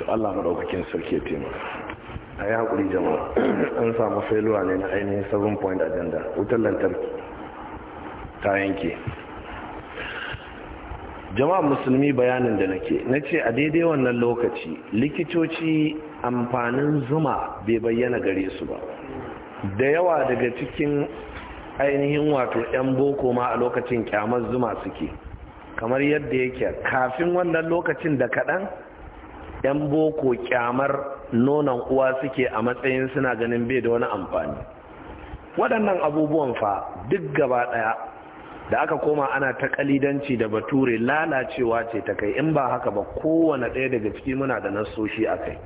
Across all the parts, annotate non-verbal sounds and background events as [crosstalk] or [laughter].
to Allah madaukakin sarki ya taimaka a yi haƙuri jama'a an samu failuwa ne na ainihin seven point agenda wutar lantarki ta yanke jama'a musulmi bayanin da nake na ce a daidai wannan lokaci likitoci amfanin zuma bai bayyana gare su ba da yawa daga cikin ainihin wato 'yan boko ma a lokacin kyamar zuma suke kamar yadda yake kafin wannan lokacin da kaɗan 'yan boko kyamar nonon uwa suke a matsayin suna ganin bai da wani amfani waɗannan abubuwan fa duk gaba ɗaya da aka koma ana ta kalidanci da bature lalacewa ce ta kai in ba haka ba kowane ɗaya daga ciki muna da nasoshi a kai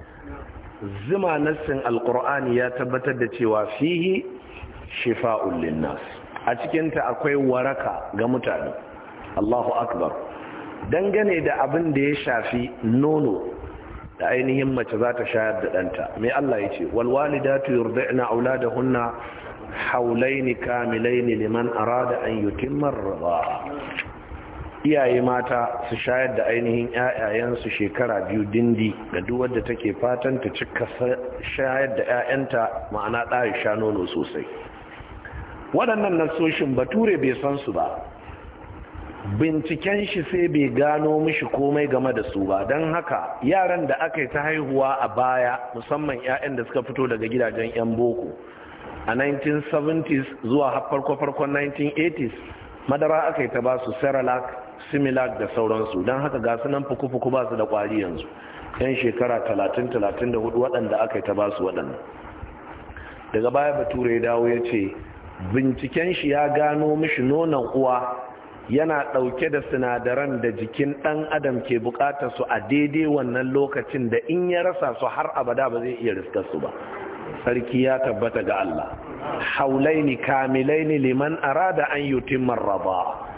zuma nassin alkur'ani ya tabbatar da cewa fihi shifa'un linnas a cikinta akwai waraka ga mutane allahu akbar dangane da abin da ya shafi nono da ainihin mace za ta shayar da ɗanta mai Allah ya ce hunna, haulai ni, kamilai kamilaini liman arada an yutimma iyaye mata su shayar da ainihin ƴaƴayensu shekara biyu dindi ga duwar da take fatan ta cika shayar da 'ya'yanta ma'ana ɗaya sha nono sosai waɗannan nasoshin bature bai san su ba binciken shi sai bai gano mishi komai game da su ba don haka yaran da aka yi ta haihuwa a baya musamman 'ya'yan da suka fito daga gidajen 'yan boko a 1970s zuwa farko-farkon 1980s madara aka yi ta ba su seralak similac da sauransu don haka gasu nan fuku-fuku ba su da kwari yanzu 'yan shekara 30-34 waɗanda aka yi ta ba su waɗanda daga baya bature dawo ya ce binciken shi ya gano mishi nonon uwa yana ɗauke da sinadaran da jikin ɗan adam ke buƙatar su a daidai wannan lokacin da in ya rasa su har abada ba zai iya riskar su ba sarki ya tabbata ga Allah haulaini kamilaini liman arada an marra raba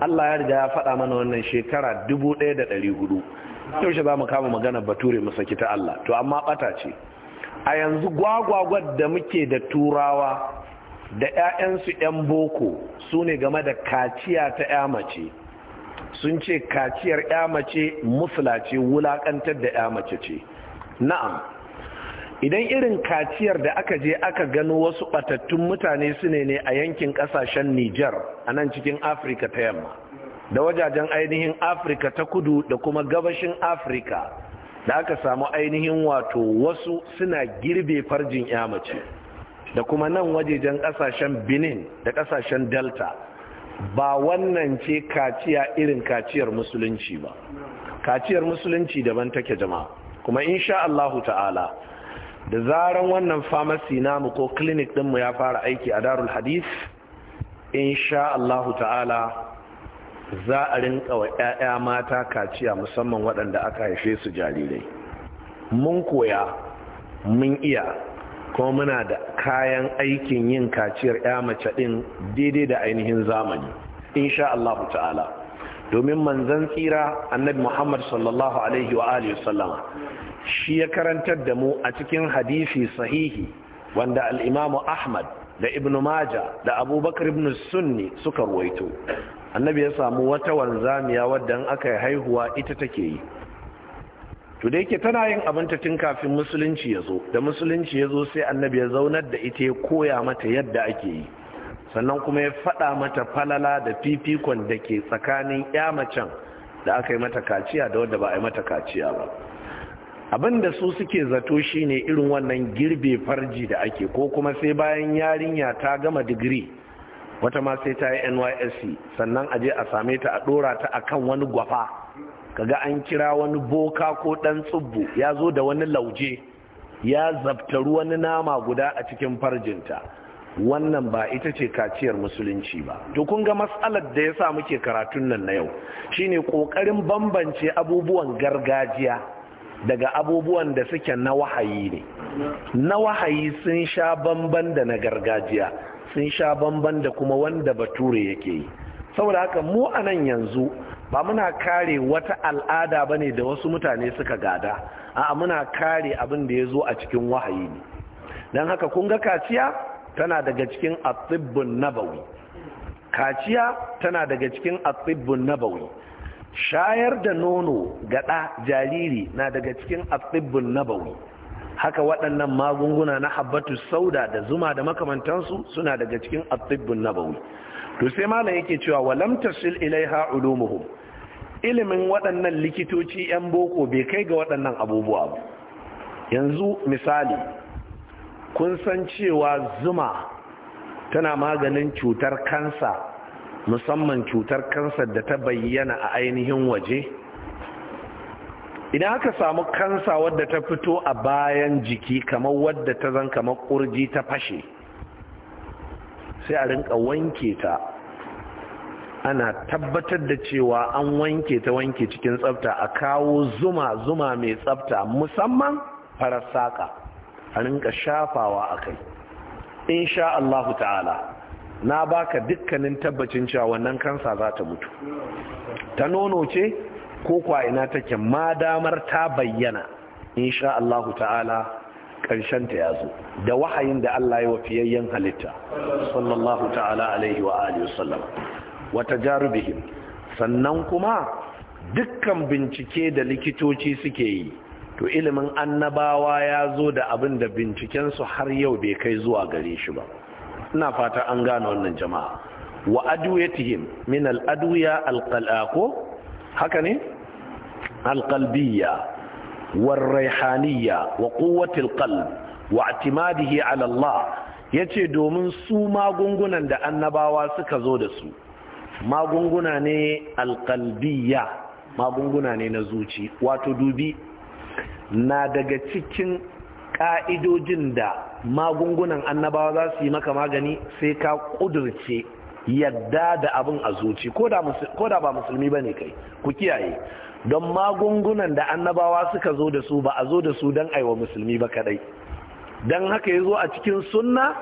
Allah ya riga ya faɗa mana wannan shekara 1400 yaushe za mu kama magana bature mu saki ta Allah to amma ɓata ce a yanzu gwagwagwar da muke da turawa da 'ya'yansu 'yan boko su ne game da kaciya ta 'ya mace sun ce kaciyar 'ya mace musula ce wulakantar da 'ya mace ce na'am idan irin kaciyar da aka je aka gano wasu batattun mutane su ne ne a yankin ƙasashen Nijar a nan cikin afirka ta yamma da wajajen ainihin afirka ta kudu da kuma gabashin afirka da aka samu ainihin wato wasu suna girbe farjin 'ya mace da kuma nan wajejen kasashen benin da kasashen delta ba wannan ce kaciya irin kaciyar musulunci ba kaciyar musulunci daban take jama'a kuma insha Allahu ta'ala da zaran wannan famasi namu ko clinic dinmu ya fara aiki a darul hadith insha Allahu ta'ala za a rinka wa 'ya'ya mata kaciya musamman waɗanda aka haife su jarirai mun koya mun iya kuma muna da kayan aikin yin kaciyar ya mace ɗin daidai da ainihin zamani insha Allah ta'ala domin manzan tsira annabi Muhammad sallallahu alaihi wa alihi sallama shi ya karantar da mu a cikin hadisi sahihi wanda al-Imam Ahmad da Ibn Majah da Abubakar ibn Sunni suka ruwaito annabi ya samu wata wanzamiya wadda aka yi haihuwa ita take yi to da yake tana yin abinta tun kafin musulunci ya zo da musulunci ya zo sai annabi ya zaunar da ita ya koya mata yadda ake yi sannan kuma ya faɗa mata falala da fifikon da ke tsakanin ya macen da aka yi mata kaciya da wadda ba a yi mata kaciya ba abin da su suke zato shine irin wannan girbe farji da ake ko kuma sai bayan yarinya ta gama digiri wata ma sai ta yi nysc sannan a je a same ta a ɗora ta akan wani gwafa kaga an kira wani boka ko ɗan tsubbu ya zo da wani lauje ya zabtaru wani nama guda a cikin farjinta wannan ba ita ce kaciyar musulunci ba to kun ga matsalar da ya sa muke karatun nan na yau shine kokarin bambance abubuwan gargajiya daga abubuwan da suke na wahayi ne na wahayi sun sha bamban da na gargajiya sun sha bamban da kuma wanda bature yake yi saboda haka mu anan yanzu ba muna kare wata al'ada ba ne da wasu mutane suka gada a muna kare abin da ya zo a cikin wahayi ne don haka kun ga kaciya tana daga cikin atibbin nabawi kaciya tana daga cikin atibbin nabawi shayar da nono gaɗa jariri na daga cikin atibbin nabawi haka waɗannan magunguna na habbatu sauda da zuma da makamantansu suna daga cikin atibbin nabawi to sai malam yake cewa walam tasil ilaiha ulumuhum ilimin waɗannan likitoci 'yan boko bai kai ga waɗannan abubuwa ba yanzu misali kun san cewa zuma tana maganin cutar kansa musamman cutar kansa da ta bayyana a ainihin waje Ina aka samu kansa wadda ta fito a bayan jiki kamar wadda ta zan kamar ƙurji ta fashe sai a rinka wanke ta ana tabbatar da cewa an wanke ta wanke cikin tsafta a kawo zuma zuma mai tsafta musamman farar saƙa a rinka shafawa a kai insha Allah ta'ala na baka dukkanin tabbacin cewa wannan kansa za ta mutu ta nono ce ko kwa ina take ma damar ta bayyana insha Allah ta'ala ƙarshen ta ya da wahayin da Allah ya wa fiyayyen halitta sallallahu ta'ala alaihi wa alihi wasallam wa tajarubihim sannan kuma dukkan bincike da likitoci suke yi to ilimin annabawa ya zo da abin da bincikensu har yau bai kai zuwa gare shi ba ina fata an gane wannan jama'a wa adwiyatihim min al-adwiya al-qalaqo ah, haka ne al-qalbiyya war-rayhaniyya wa quwwati al-qalb wa i'timadihi ala Allah yace domin su magungunan da annabawa suka zo da su magunguna ne alƙalbiya magunguna ne na zuci wato dubi na daga cikin ƙa'idojin da magungunan annabawa za su yi maka magani sai ka ƙudurce yadda da abin a zuci ko da ba musulmi ba ne kai ku kiyaye don magungunan da annabawa suka zo da su ba a zo da su don aiwa musulmi ba kadai don haka ya zo a cikin sunna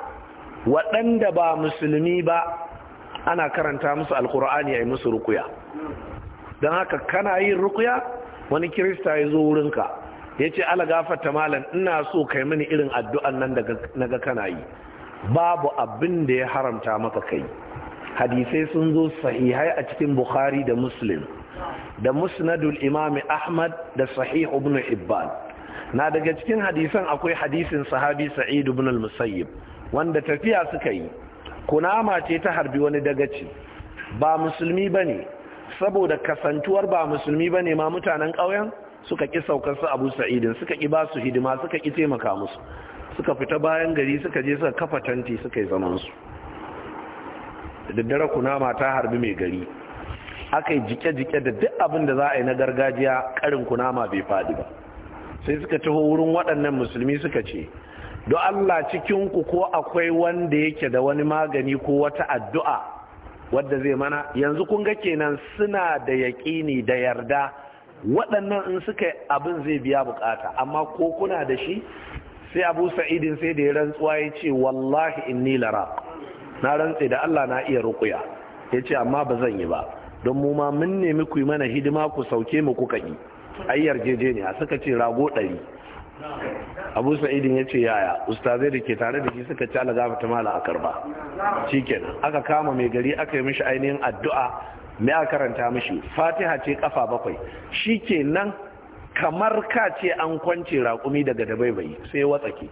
waɗanda ba musulmi ba ana karanta musu alkur'ani a yi musu rukuya don haka kana yin rukuya wani kirista ya zo wurinka ya ce ala gafarta malam ina so kai mini irin addu'an nan na ga kana yi babu abin da ya haramta maka kai hadisai sun zo sahihai a cikin bukhari da muslim da musnadul imami ahmad da sahih ibn hibban na daga cikin hadisan akwai hadisin sahabi sa'id ibn al-musayyib wanda tafiya suka yi kunama ce ta harbi wani dagaci ba musulmi ba ne saboda kasantuwar ba musulmi ba ne ma mutanen ƙauyen suka ƙi su abu sa'idin suka ƙi ba su hidima suka ƙi taimaka musu suka fita bayan gari suka je suka kafa tanti suka yi zamansu daddare kunama ta harbi mai gari aka yi jike-jike da duk abin da za a yi na gargajiya karin kunama bai faɗi ba sai suka taho wurin waɗannan musulmi suka ce don Allah cikinku ko akwai wanda yake da wani magani ko wata addu'a wadda zai mana yanzu kun ga kenan suna da yaƙini da yarda waɗannan in suka abin zai biya bukata amma ko kuna da shi sai abu sa'idin sai da ya rantsuwa ya ce wallahi inni lara na rantse da Allah na iya rukuya ya ce amma ba zan yi ba don mu ma mun nemi ku yi mana hidima ku sauke mu kuka yi ai A suka ce rago ɗari abu sa'idin ya ce yaya ustazai da ke tare da shi suka ci alaga ta mala a karba shi kenan aka kama mai gari aka yi mishi ainihin addu'a mai a karanta mishi fatiha ce kafa bakwai shi kenan kamar ka ce an kwance raƙumi daga dabaibayi sai watsake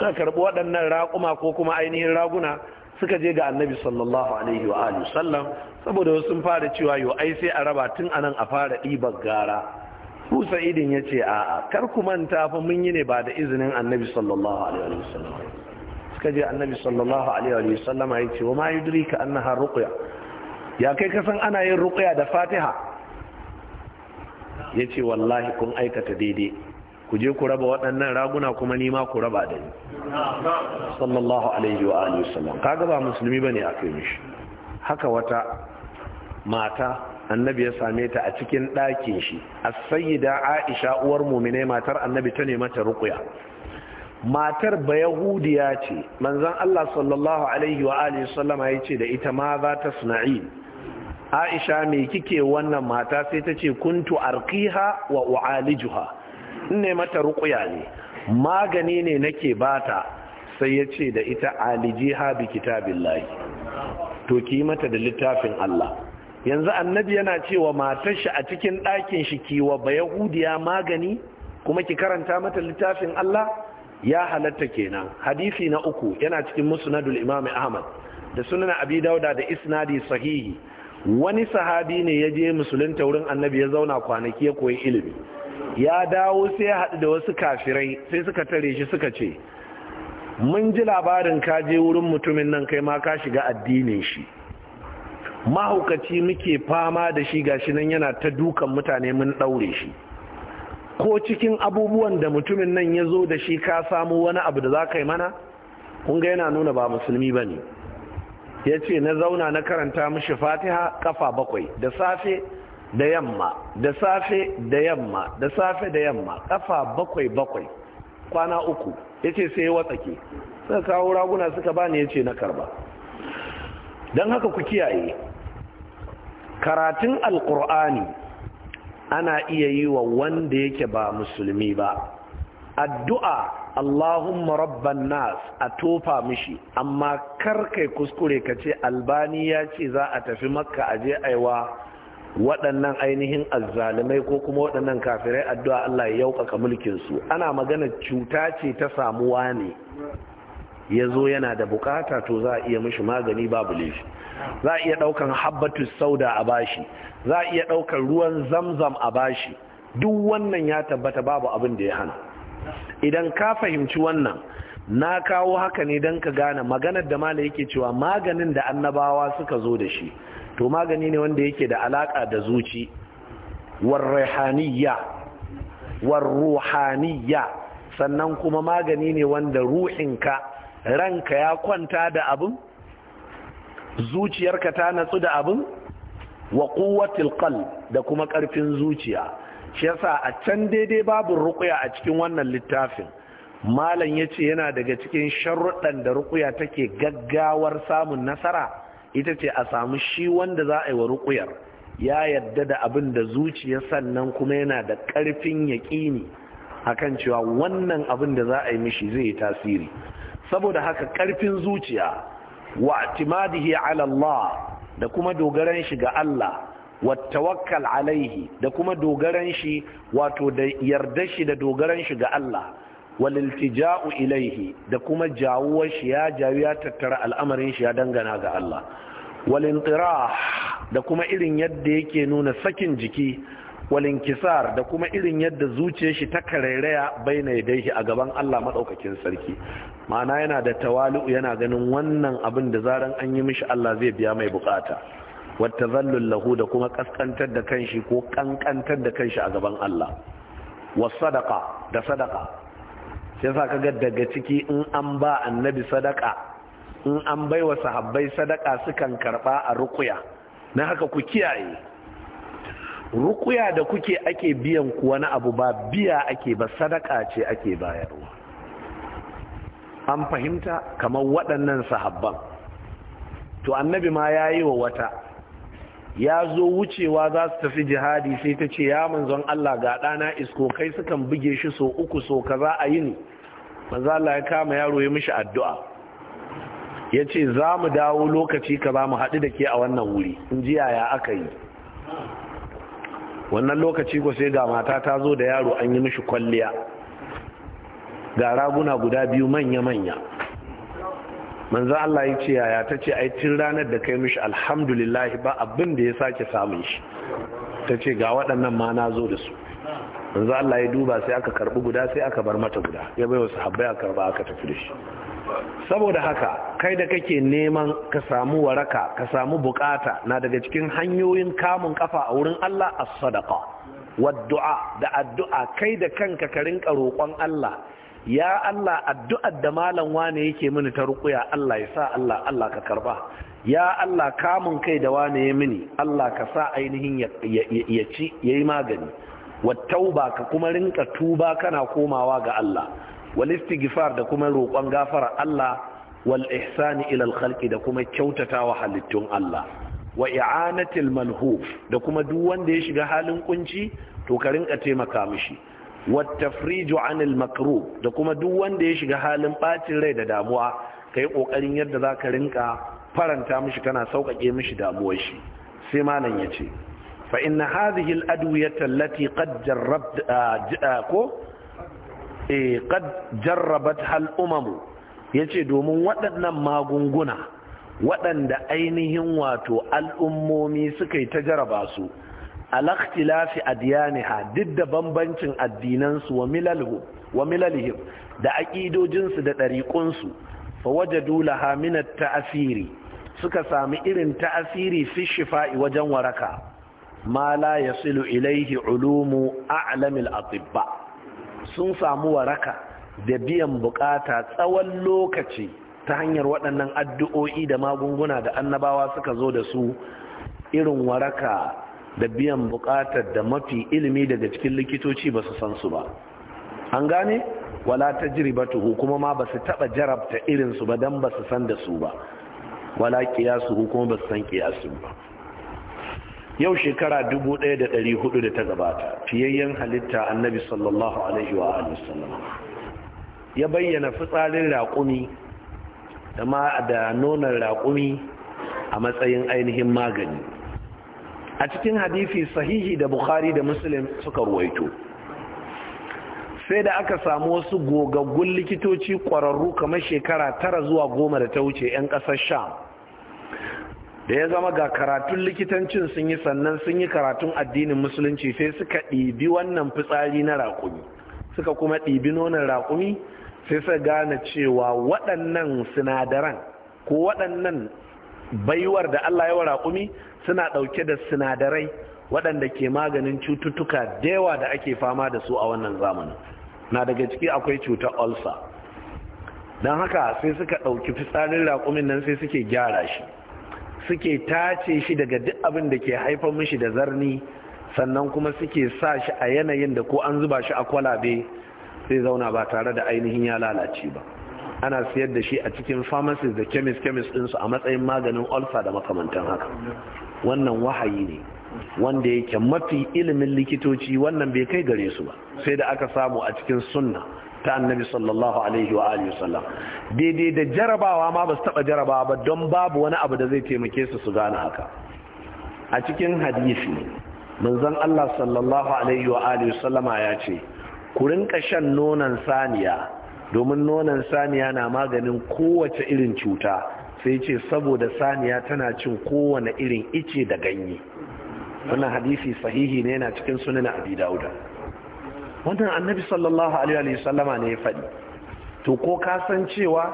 suka karɓi waɗannan raƙuma ko kuma ainihin raguna suka je ga annabi sallallahu alaihi wa sallam saboda wasu sun fara cewa yau ai sai a raba tun anan a fara ɗibar gara Abu ya ce a'a kar ku manta fa mun yi ne ba da izinin Annabi sallallahu alaihi wa sallam. suka je Annabi sallallahu alaihi wa sallam ya ce wa ma ka annaha ruqya ya kai ka san ana yin ruqya da Fatiha ya ce wallahi kun aikata daidai ku je ku raba waɗannan raguna kuma ni ma ku raba da ni sallallahu alaihi wa sallam. wasallam kaga ba musulmi bane a kai mishi haka wata mata annabi ya same ta a cikin ɗakin shi A sayida aisha uwar mu'mine matar annabi ta ne ta matar ba yahudiya ce manzan Allah sallallahu alaihi wa alihi sallama ce da ita ma za ta suna'i aisha mai kike wannan mata sai ta ce kuntu arkiha wa In ne mata rukuya ne magani ne nake bata sai ya ce da ita alijiha bi kitabillahi to ki yi mata da littafin Allah yanzu annabi yana cewa matar shi a cikin ɗakin shi kiwa ba yahudiya magani kuma ki karanta mata littafin Allah ya halatta kenan hadisi na uku yana cikin musnadul imam ahmad da sunan abi dauda da isnadi sahihi wani sahabi ne ya je musulunta wurin annabi ya zauna kwanaki ya koyi ilimi ya dawo sai ya haɗu da wasu kafirai sai suka tare shi suka ce mun ji labarin ka je wurin mutumin nan kai ma ka shiga addinin shi mahaukaci muke fama da shi gashi nan yana ta dukan mutane mun ɗaure shi ko cikin abubuwan da mutumin nan ya zo da shi ka samu wani abu da za ka yi mana kunga yana nuna ba musulmi ba ne ya ce na zauna na karanta mishi fatiha kafa bakwai da safe da yamma da safe da yamma da safe da yamma kafa bakwai bakwai kwana uku ya ce sai ya watsake suka kawo raguna suka bani ya ce na karba don haka ku kiyaye karatun alkur'ani ana iya yi wa wanda yake ba musulmi ba addu'a Allahumma rabban nas a tofa mishi amma kar kai kuskure ka ce albani ya ce za a tafi makka a je aiwa waɗannan ainihin azzalumai ko kuma waɗannan kafirai addu'a Allah ya yaukaka mulkinsu ana magana cuta ce ta samuwa ne ya zo yana da bukata to za a iya mishi magani babu laifi za a iya daukan habbatu sauda a bashi za a iya daukan ruwan zamzam a bashi duk wannan ya tabbata babu abin da ya hana idan ka fahimci wannan na kawo haka ne don ka gane maganar da mala yake cewa maganin da annabawa suka zo da shi to magani ne wanda yake da alaka da zuci warrahaniya warruhaniya sannan kuma magani ne wanda ruhinka ranka ya kwanta da abin zuciyarka ta natsu da abin wa quwwatil da kuma karfin zuciya shi yasa a can daidai babu ruqya a cikin wannan littafin malam yace yana daga cikin sharuɗan da ruqya take gaggawar samun nasara ita ce a samu shi wanda za a yi wa rukuyar ya yadda da abin da zuciya sannan kuma yana da karfin yaqini akan cewa wannan abin da za a yi mishi zai yi tasiri saboda haka ƙarfin zuciya wa timadihi ala Allah da kuma dogaran shi ga Allah wa tawakkal alaihi da kuma dogaran shi wato da shi da dogaran shi ga Allah wal iltija'u ilaihi da kuma jawuwar shi ya jawi ya tattara al'amarin shi ya dangana ga Allah wal intirah da kuma irin yadda yake nuna sakin jiki walinkisar da kuma irin yadda zuciyar shi ta karairaya baina yadayhi a gaban Allah maɗaukakin sarki ma'ana yana da tawali'u yana ganin wannan abin da zaran an yi mishi Allah zai biya mai bukata wata zallun lahu da kuma kaskantar da kanshi ko kankantar da kanshi a gaban Allah was sadaka da sadaka sai sa kaga daga ciki in an ba annabi sadaka in an baiwa sahabbai sadaka sukan karɓa a rukuya na haka ku kiyaye rukuya da kuke ake biyan ku wani abu ba biya ake ba sadaka ce ake bayarwa an fahimta kamar waɗannan sahabban to annabi ma ya yi wa wata ya zo wucewa za su tafi jihadi sai ta ce ya manzon Allah ga ɗana isko kai sukan buge shi so uku so za a yini manzo Allah ya kama yaro ya mishi addu'a ya ce za mu dawo lokaci ka za mu haɗu da ke a wannan wuri in ji yaya aka yi wannan lokaci ko sai ga mata ta zo da yaro an yi mishi kwalliya ga raguna guda biyu manya-manya manzo Allah ya ce yaya ta ce ai tun ranar da kai mishi alhamdulillah ba abin da ya sake samun shi ta ce ga waɗannan ma na zo da su manzo Allah ya duba sai aka karbi guda sai aka bar mata guda ya bai wasu habbai a karba aka tafi da shi saboda haka kai da kake neman ka samu waraka ka samu bukata na daga cikin hanyoyin kamun kafa a wurin Allah as-sadaqa waddu'a da addu'a kai da kanka ka rinka roƙon Allah ya Allah addu'ar da malam wane yake mini ta rukuya Allah ya sa Allah Allah ka karba ya Allah kamun kai da wane ya mini Allah ka sa ainihin ya ci ya yi magani ta'uba ka kuma rinka tuba kana komawa ga Allah wal istighfar da kuma roƙon gafara Allah wal ihsani ila al khalqi da kuma kyautata wa halittun Allah wa i'anatil malhuf da kuma duk wanda ya shiga halin kunci to ka rinka taimaka mishi wa tafriju anil makrub da kuma duk wanda ya shiga halin bacin rai da damuwa kai kokarin yadda zaka rinka faranta mishi kana sauƙaƙe mishi damuwar shi sai malam yace fa inna hadhihi al adwiyata allati qad jarrabt ah, ah, ko eh kad jarrabat hal umamu yace domin waɗannan magunguna waɗanda ainihin wato al'ummomi suka yi ta jaraba su alaktilafi adiyaniha duk da bambancin addinansu wa milalhu wa milalihim da aƙidojinsu da ɗariƙunsu fa wajadu laha min ta'asiri suka sami irin ta'asiri fi shifa'i wajen waraka ma la yasilu ilaihi ulumu a'lamil atibba sun samu waraka da biyan bukata tsawon lokaci ta hanyar waɗannan addu'o'i da magunguna da annabawa suka zo da su irin waraka da biyan bukatar da mafi ilimi daga cikin likitoci ba su san su ba an gane wala ta tuhu kuma ma ba su taba jarabta irinsu ba don ba su san da su ba wala kiyasu, kuma ba su san kiyasu ba yau shekara dubu ɗaya da ɗari da ta gabata fiyayyen halitta annabi sallallahu alaihi wa sallam ya bayyana fitsarin raƙumi da ma da nonon raƙumi a matsayin ainihin magani a cikin hadisi sahihi da bukhari da muslim suka ruwaito sai da aka samu wasu gogaggun likitoci ƙwararru kamar shekara tara zuwa goma da ta wuce 'yan ƙasar sham da ya zama ga karatun likitancin sun yi sannan sun yi karatun addinin musulunci sai suka ɗibi wannan fitsari na raƙumi suka kuma ɗibi nonon raƙumi sai suka gane cewa waɗannan sinadaran ko waɗannan baiwar da Allah ya wa raƙumi suna ɗauke da sinadarai waɗanda ke maganin cututtuka da yawa da ake fama da su a wannan zamanin na daga ciki akwai cutar ulcer don haka sai suka ɗauki fitsarin raƙumin nan sai suke gyara shi suke tace shi daga duk abin da ke haifar mishi da zarni sannan kuma suke sa shi a yanayin da ko an zuba shi a kwalabe sai zauna ba tare da ainihin ya lalace ba ana siyar da shi a cikin pharmacies da chemist chemist ɗinsu a matsayin maganin ulcer da makamantan haka wannan wahayi ne wanda yake mafi ilimin likitoci wannan bai kai gare su ba sai da aka samu a cikin sunna ta annabi sallallahu alaihi wa alihi wasallam daidai da jarabawa ma ba su taba jarabawa ba don babu wani abu da zai taimake su su gane haka a cikin hadisi manzon Allah sallallahu alaihi wa alihi wasallama ya ce ku rinka shan nonon saniya domin nonon saniya na maganin kowace irin cuta sai ce saboda saniya tana cin kowane irin ice da ganye wannan hadisi sahihi ne yana cikin sunan abi dauda wannan annabi sallallahu alaihi wasallama ne ya faɗi to ko ka san cewa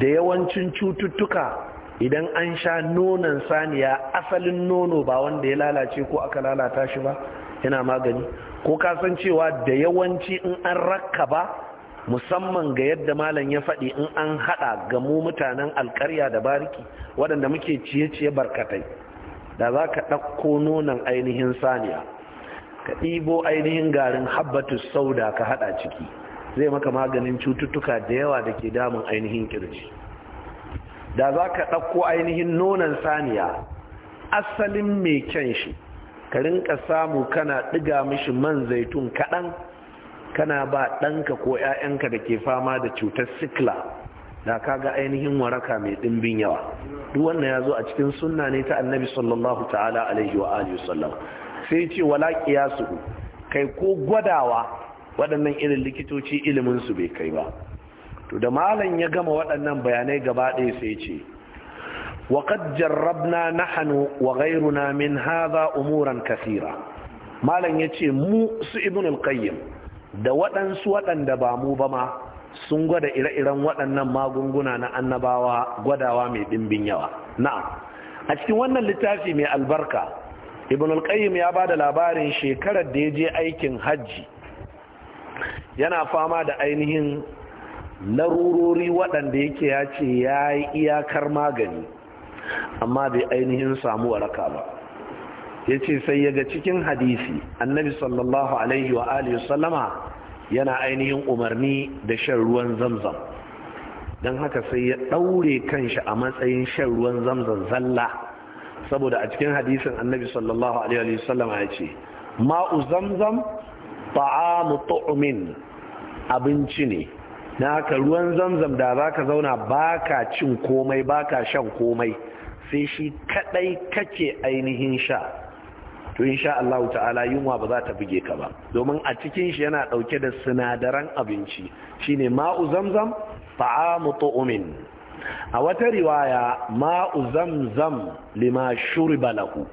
da yawancin cututtuka idan an sha nonon saniya asalin nono ba wanda ya lalace ko aka lalata shi ba yana magani ko ka san cewa da yawanci in an rakka ba musamman ga yadda malam ya faɗi in an haɗa ga mu mutanen alkarya da bariki waɗanda muke ciye-ciye barkatai da za ka ɗauko nonon ainihin saniya ka ɗibo ainihin garin habbatu sauda ka haɗa ciki zai maka maganin cututtuka da yawa da ke damun ainihin kirji da za ka ɗauko ainihin nonon saniya asalin mai kyan shi ka rinka samu kana ɗiga mishi man zaitun kaɗan kana ba ɗanka ko 'ya'yanka da ke fama da cutar sikla da kaga ainihin waraka mai ɗimbin yawa duk wannan ya zo a cikin sunna ne ta annabi sallallahu ta'ala alaihi sai ce wala qiyasu kai ko gwadawa waɗannan irin likitoci ilimin su bai kai ba to da malam ya gama waɗannan bayanai gaba ɗaya sai ce wa qad jarrabna nahnu wa ghayruna min hadha umuran kathira malam yace mu su Ibnu al-qayyim da waɗansu waɗanda ba mu ba ma sun gwada ire-iren waɗannan magunguna na annabawa gwadawa mai ɗimbin yawa na'am a cikin wannan littafi mai albarka ibn al-qayyim ya bada labarin shekarar da ya je aikin hajji yana fama da ainihin larurori waɗanda yake ya ce ya yi iyakar magani amma bai ainihin samu waraka ba ya ce sai ya ga cikin hadisi annabi sallallahu alaihi wa alihi sallama yana ainihin umarni da shan ruwan zamzam don haka sai ya ɗaure kanshi a matsayin shan ruwan zamzam zalla saboda a cikin hadisin annabi sallallahu alaihi sallam ya ce ma'u zamzam ta'amu tu'min abinci ne na haka ruwan zamzam da zaka zauna baka cin komai baka shan komai sai shi kadai kake ainihin sha to insha Allah ta'ala yunwa ba za ta buge ka ba domin a cikin shi yana dauke da sinadaran abinci shine ma'u zamzam ta'amu tu'min a wata riwaya ma'u zamzam lima shuri balahu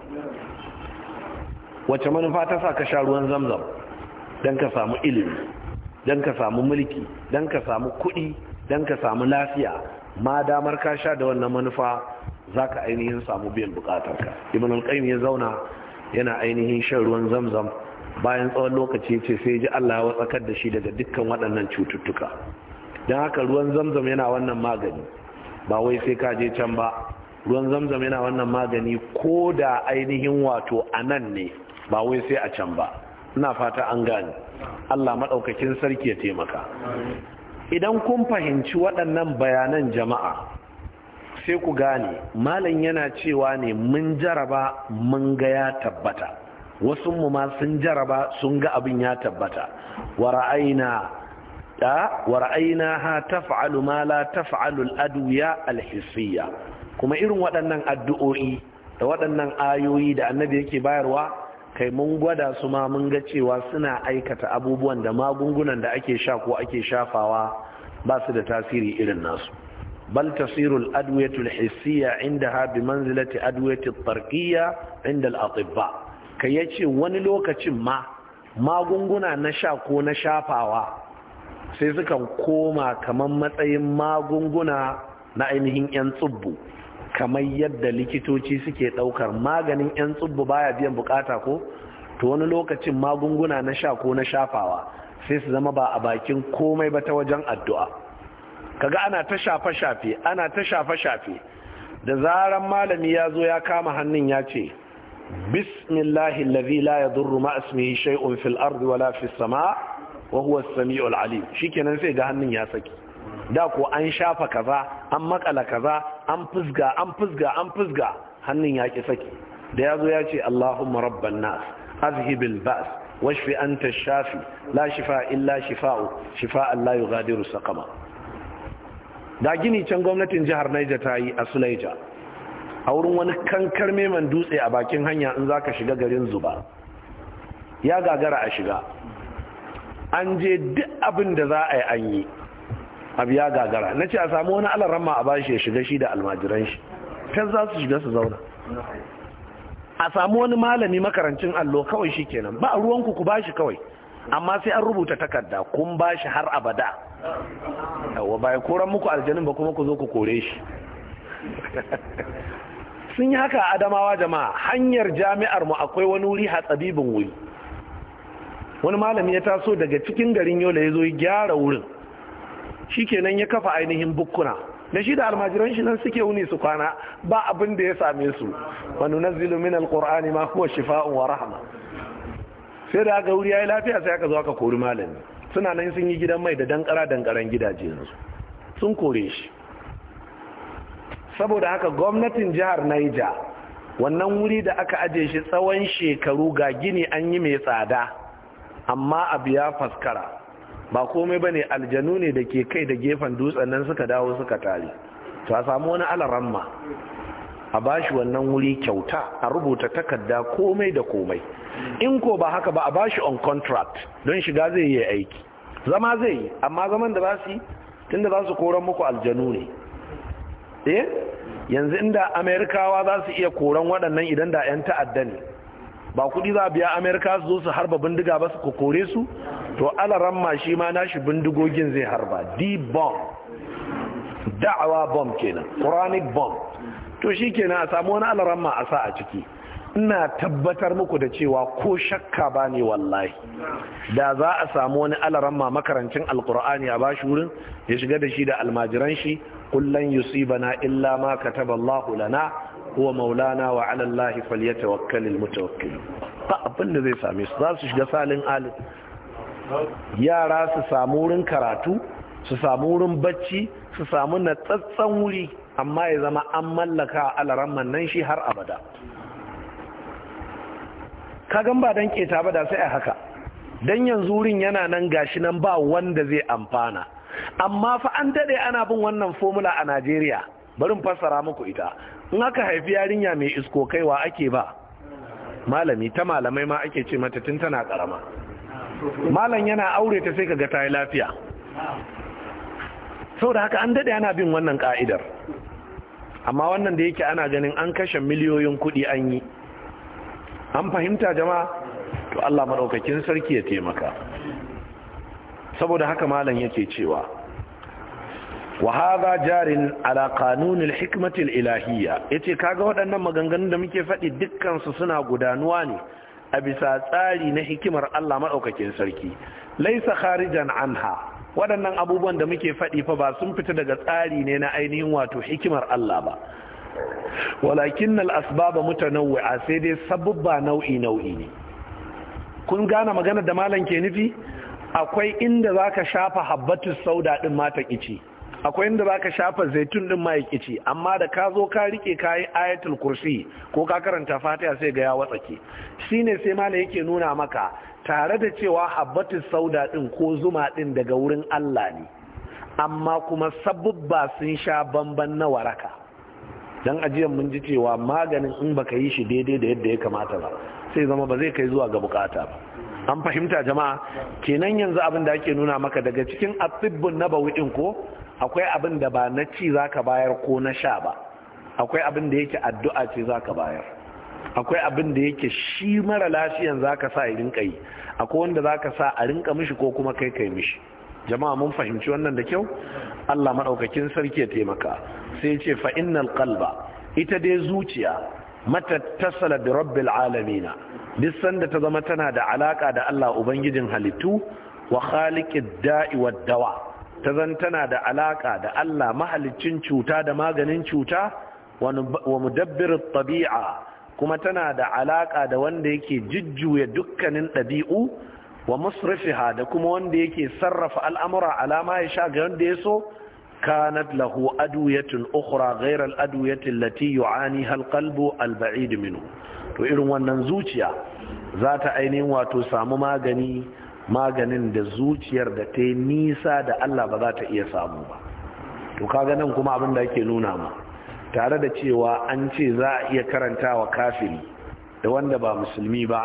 wacce manufa ta sa ka sha ruwan zamzam don ka samu ilimi don ka samu mulki don ka samu kuɗi don ka samu lafiya ma damar ka sha da wannan manufa za ka ainihin samu biyan bukatarka ibn al-qayyim ya zauna yana ainihin shan ruwan zamzam bayan tsawon lokaci ce sai ji Allah ya watsakar da shi daga dukkan waɗannan cututtuka don haka ruwan zamzam yana wannan magani ba wai sai ka je can ba ruwan zamzam yana wannan magani ko da ainihin wato a nan ne ba wai sai a can ba ina fata an gane Allah maɗaukakin sarki ya taimaka idan kun fahimci waɗannan bayanan jama'a sai ku gane malam yana cewa ne mun jaraba mun ga ya tabbata wasu mu ma sun jaraba sun ga abin ya tabbata wa ra'ayina da wa ta taf'alu ma la taf'alu al-adwiya kuma irin waɗannan addu'o'i da waɗannan ayoyi da annabi yake bayarwa kai mun gwada su ma mun ga cewa suna aikata abubuwan da magungunan da ake sha ko ake shafawa ba su da tasiri irin nasu bal tasirul adwiyatul hissiyya indaha bi manzilati adwiyatit tarqiyya inda al-atibba kai yace wani lokacin ma magunguna na sha ko na shafawa sai sukan koma kamar matsayin magunguna na ainihin 'yan tsubbu kamar yadda likitoci suke ɗaukar maganin 'yan tsubbu baya biyan bukata ko to wani lokacin magunguna na sha ko na shafawa sai su zama ba a bakin komai ba ta wajen addu'a kaga ana ta shafe-shafe ana ta shafe-shafe da zaran malami ya zo ya kama hannun ya ce bismillahi lazi la ya durru ma asmihi fil ardi wala fis sama' wa huwa samiul alim kenan sai ga hannun ya saki da ko an shafa kaza an makala kaza an fusga an fusga an fusga hannun ya ki saki da yazo ya ce Allahumma rabban nas azhibil ba's washfi anta shafi la shifa illa shifa'u shifa'an la yughadiru saqama da gini can gwamnatin jihar Naija ta yi a Sulaija a wurin wani kankar meman dutse a bakin hanya in zaka shiga garin Zuba ya gagara a shiga an je duk abin da za a yi an yi abu ya gagara na ce a samu wani alarama a bashi ya shiga shi da almajiran shi kan za su shiga su zauna a samu wani malami makarancin allo kawai shi kenan ba ruwanku ku bashi kawai amma sai an rubuta takarda kun bashi har abada yawa bayan koran muku aljanin ba kuma ku zo ku kore shi [laughs] sun yi haka adamawa jama'a hanyar jami'ar mu akwai wani wuri hatsabibin wuri wani malami ya taso daga cikin garin yola ya zo ya gyara wurin shi kenan ya kafa ainihin bukkuna da shi da almajiran shi nan suke wuni su kwana ba abin da ya same su wani nunazzilu min alkur'ani ma kuwa shifa'un wa rahma sai da aka wuri yi lafiya sai aka zo aka kori malami suna nan sun yi gidan mai da dankara dankaran gidaje sun kore shi saboda haka gwamnatin jihar Niger wannan wuri da aka aje shi tsawon shekaru ga gini an yi mai tsada amma abu ya faskara ba komai bane aljanu ne da ke kai da gefen dutsen nan suka dawo suka tare to samu wani alaramma a bashi wannan wuri kyauta a rubuta takarda komai da komai in ko ba haka ba a bashi on contract don shiga zai yi aiki zama zai yi amma zaman da za su yi tun da za su koran muku aljanu ne eh yanzu inda amerikawa za su iya koran waɗannan idan da 'yan ta'adda ne ba kudi za a biya amerika su zo su harba bindiga ba su kore su to alaran ma shi ma nashi bindigogin zai harba d-bomb da'awa bomb kenan quranic bomb to shi kenan a samu wani alaran ma a sa a ciki ina tabbatar muku da cewa ko shakka ba ne wallahi da za a samu wani alaran ma makarancin alkur'ani a bashi wurin ya shiga da shi da almajiran shi kullum yusibana illa ma kataballahu lana huwa maulana wa ala Allah falyatawakkal mutawakkil ba abin da zai same su za su shiga salin alin yara su samu wurin karatu su samu wurin bacci su samu natsatsan wuri amma ya zama an mallaka alaran nan shi har abada kagan ba dan keta ba da sai a haka dan yanzu wurin yana nan gashi nan ba wanda zai amfana amma fa an dade ana bin wannan fomula a Najeriya Barin fassara muku ita in aka haifi yarinya mai isko kaiwa ake ba malami ta malamai ma ake ce mata tun tana karama malam yana aure ta sai kaga ta yi lafiya saboda haka an dade ana bin wannan ka'idar amma wannan da yake ana ganin an kashe miliyoyin kuɗi an yi an fahimta jama'a to Allah madaukakin sarki ya taimaka saboda haka malam yake cewa wa jarin ala kanunin hikmatin ilahiyya yace kaga waɗannan maganganun da muke faɗi dukkan suna gudanuwa ne a bisa tsari na hikimar Allah maɗaukakin sarki laisa kharijan anha waɗannan abubuwan da muke faɗi fa ba sun fita daga tsari ne na ainihin wato hikimar Allah ba walakin al-asbaba mutanawwi'a sai dai sabubba nau'i nau'i ne kun gane magana da malam ke nufi akwai inda zaka shafa habbatu sauda din ta kici akwai inda za ka shafa zaitun ɗin ma amma da ka zo ka rike ka yi ayatul kursi ko ka karanta fatiha sai ga ya watsake shi ne sai ma yake nuna maka tare da cewa habbatus sauda ɗin ko zuma ɗin daga wurin allah ne amma kuma sabubba sun sha bamban na waraka don ajiyar mun ji cewa maganin in baka yi shi daidai da yadda ya kamata ba sai zama ba zai kai zuwa ga bukata ba an fahimta jama'a kenan yanzu abin da ake nuna maka daga cikin atibbun nabawi din ko akwai abin da ba na ci zaka bayar ko na sha ba akwai abin da yake addu'a ce zaka bayar akwai abin da yake shi mara lafiyan zaka sa ya rinka yi akwai wanda zaka sa a rinka mishi ko kuma kai kai mishi jama'a mun fahimci wannan da kyau Allah madaukakin sarki ya taimaka sai ce fa innal qalba ita dai zuciya mata tasala bi rabbil alamina duk sanda ta zama tana da alaka da Allah ubangijin halittu wa khaliqid da'i wad dawa ta tana da alaƙa da Allah mahalicin cuta da maganin cuta wa mudabbir tabi'a kuma tana da alaƙa da wanda yake jujjuya dukkanin ɗabi'u wa musrifiha da kuma wanda yake sarrafa al'amura alama ya sha ga wanda ya so kanat lahu aduyatun ukhra ghayra al-aduyati allati yu'aniha al-qalbu al-ba'id minhu to irin wannan zuciya za ta ainihin wato samu magani maganin da zuciyar da ta nisa da Allah ba za ta iya samu ba to kaga nan kuma abin da ake nuna ma tare da cewa an ce za a iya karantawa kafiri da wanda ba musulmi ba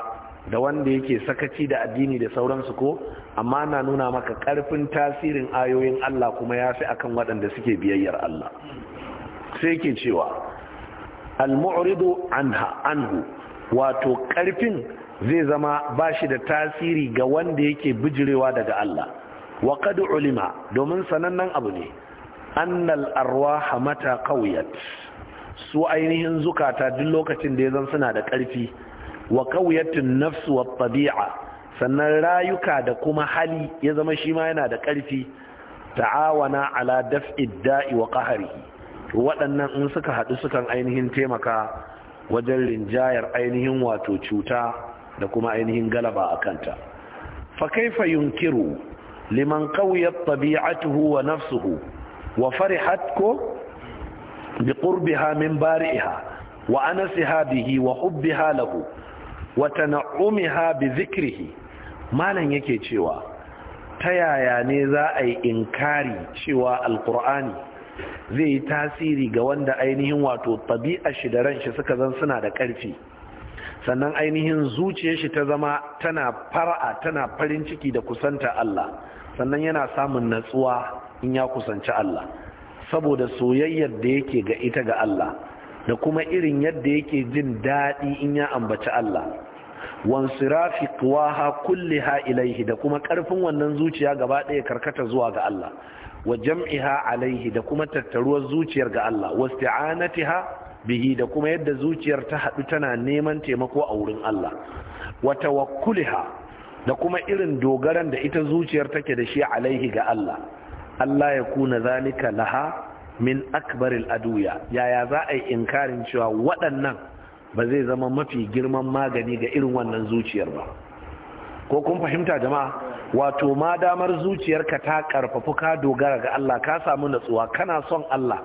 da wanda yake sakaci da addini da sauransu ko amma na nuna maka karfin tasirin ayoyin Allah kuma ya fi akan waɗanda suke biyayyar Allah sai ke cewa al-mu'ridu anha anhu wato karfin zai zama ba shi da tasiri ga wanda yake bijirewa daga Allah wa kadu ulima domin sanannen abu ne annal arwa mata qawiyat su ainihin zukata duk lokacin da ya zan suna da ƙarfi wa qawiyatun nafsu wa tabi'a sannan rayuka da kuma hali ya zama shi ma yana da ƙarfi ta'awana ala daf'i da'i wa qahrihi waɗannan in suka haɗu sukan ainihin taimaka wajen rinjayar ainihin wato cuta da kuma ainihin galaba a kanta fa kaifa yunkiru liman qawiyat tabi'atuhu wa nafsuhu wa farihat ko min bari'iha wa anasiha bihi wa hubbiha lahu wa tan'umiha bi dhikrihi malan yake cewa ta yaya ne za a yi inkari cewa alqur'ani zai yi tasiri ga wanda ainihin wato tabi'a shi da ran suka zan suna da ƙarfi sannan ainihin zuciyar shi ta zama tana far'a tana farin ciki da kusanta Allah sannan yana samun natsuwa in ya kusanci Allah saboda soyayyar da yake ga ita ga Allah da kuma irin yadda yake jin daɗi in ya ambaci Allah ha kulle kulliha ilaihi da kuma ƙarfin wannan zuciya gaba ɗaya karkata zuwa ga Allah wa jam'iha alaihi da kuma tattaruwar zuciyar ga Allah wasti'anatiha bihi da kuma yadda zuciyar ta haɗu tana neman taimako a wurin Allah wata wakuliha da kuma irin dogaran da ita zuciyar take da shi alaihi ga Allah Allah ya kuna zalika laha min akbaril aduya yaya za a yi inkarin cewa waɗannan ba zai zama mafi girman magani ga irin wannan zuciyar ba ko kun fahimta jama'a wato ma damar zuciyarka ta karfafu ka dogara ga Allah ka samu natsuwa kana son Allah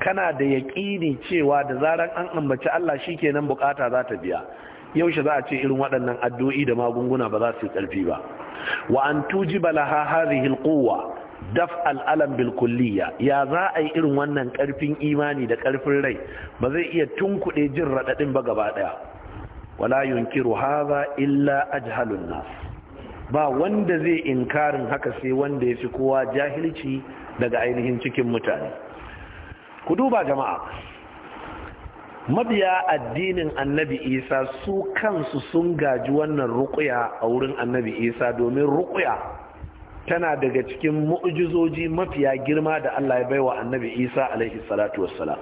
kana da yaƙini cewa da zarar an ambaci Allah shi shikenan bukata za ta biya yaushe za a ce irin waɗannan addu'i da magunguna ba za su yi ƙarfi ba wa an tujiba laha hadhihi kowa, daf al'alam bilkulliya ya za a yi irin wannan ƙarfin imani da ƙarfin rai ba zai iya tunkuɗe jin raɗaɗin ba gaba ɗaya wala yunkiru haza illa ajhalun nas ba wanda zai inkarin haka sai wanda ya fi kowa jahilci daga ainihin cikin mutane ku duba jama'a mabiya addinin annabi isa su kansu sun gaji wannan rukuya a wurin annabi isa domin rukuya tana daga cikin mu'ujizoji mafiya girma da allah ya baiwa annabi isa alaihi salatu wassalam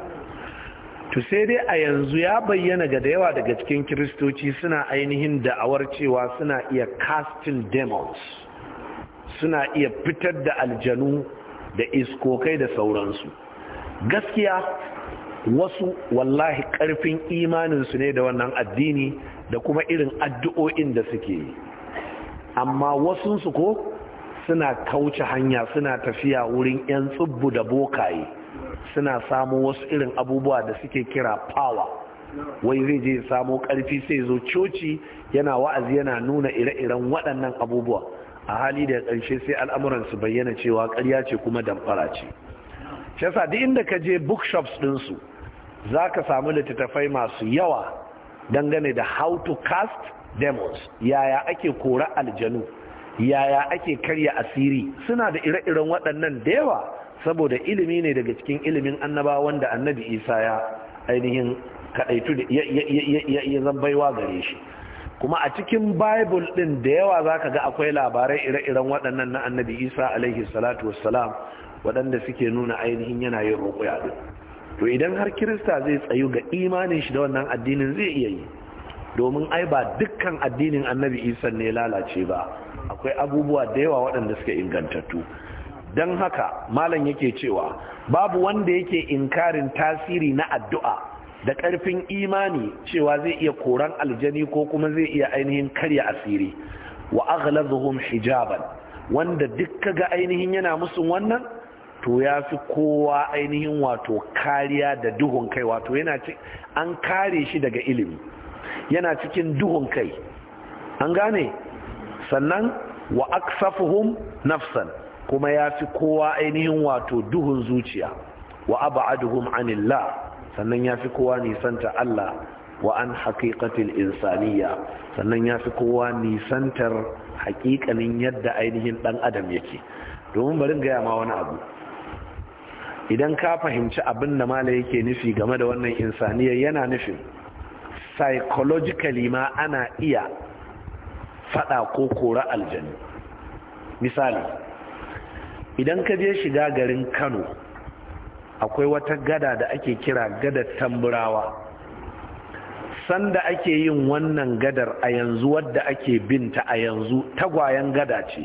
to sai dai a yanzu ya bayyana ga da yawa daga cikin kiristoci suna ainihin da'awar cewa suna iya casting demons suna iya fitar da aljanu da iskokai da sauransu gaskiya wasu wallahi karfin imaninsu ne da wannan addini da kuma irin addu'o'in da suke yi amma wasunsu ko suna kauce hanya suna tafiya wurin 'yan tsubbu da bokaye suna samu wasu irin abubuwa da suke kira power wai zai je samo karfi sai zo coci yana wa'azi yana nuna ire-iren waɗannan abubuwa a hali da ƙarshe sai al'amuran su bayyana cewa ƙarya ce kuma damfara ce Shasa, duk inda ka je bookshops ɗinsu za ka samu littattafai masu yawa dangane da how to cast demons yaya ake kora aljanu yaya ake karya asiri suna da ire-iren waɗannan da yawa saboda ilimi ne daga cikin ilimin annaba wanda annabi isa ya ainihin kaɗaitu da ya zambaiwa gare shi kuma a cikin bible ɗin da yawa za ka ga akwai labarai ire-iren waɗannan na annabi isa alaihi salatu wassalam waɗanda suke nuna ainihin yana yin rukuya din to idan har kirista zai tsayu ga imanin shi da wannan addinin zai iya yi domin ai ba dukkan addinin annabi isa ne lalace ba akwai abubuwa da yawa waɗanda suke ingantattu don haka malam yake cewa babu wanda yake inkarin tasiri na addu'a da ƙarfin imani cewa zai iya koran aljani ko kuma zai iya ainihin karya asiri wa aghlazuhum hijaban wanda dukka ga ainihin yana musu wannan to ya fi kowa ainihin wato kariya da duhun kai wato yana ci an kare shi daga ilimi yana cikin duhun kai an gane sannan wa aksafuhum nafsan kuma ya fi kowa ainihin wato duhun zuciya wa abaduhum anillah sannan ya fi kowa nisanta Allah wa an haƙiƙatil insaniya sannan ya fi kowa nisantar haƙiƙanin yadda ainihin ɗan adam yake domin barin gaya ma wani abu idan ka fahimci abin da mala yake nufi game da wannan insaniya yana nufin psychologically ma ana iya fada ko kora aljanu misali idan ka je shiga garin kano akwai wata gada da ake kira gadar tamburawa sanda ake yin wannan gadar a yanzu wadda ake binta a yanzu tagwayen gada ce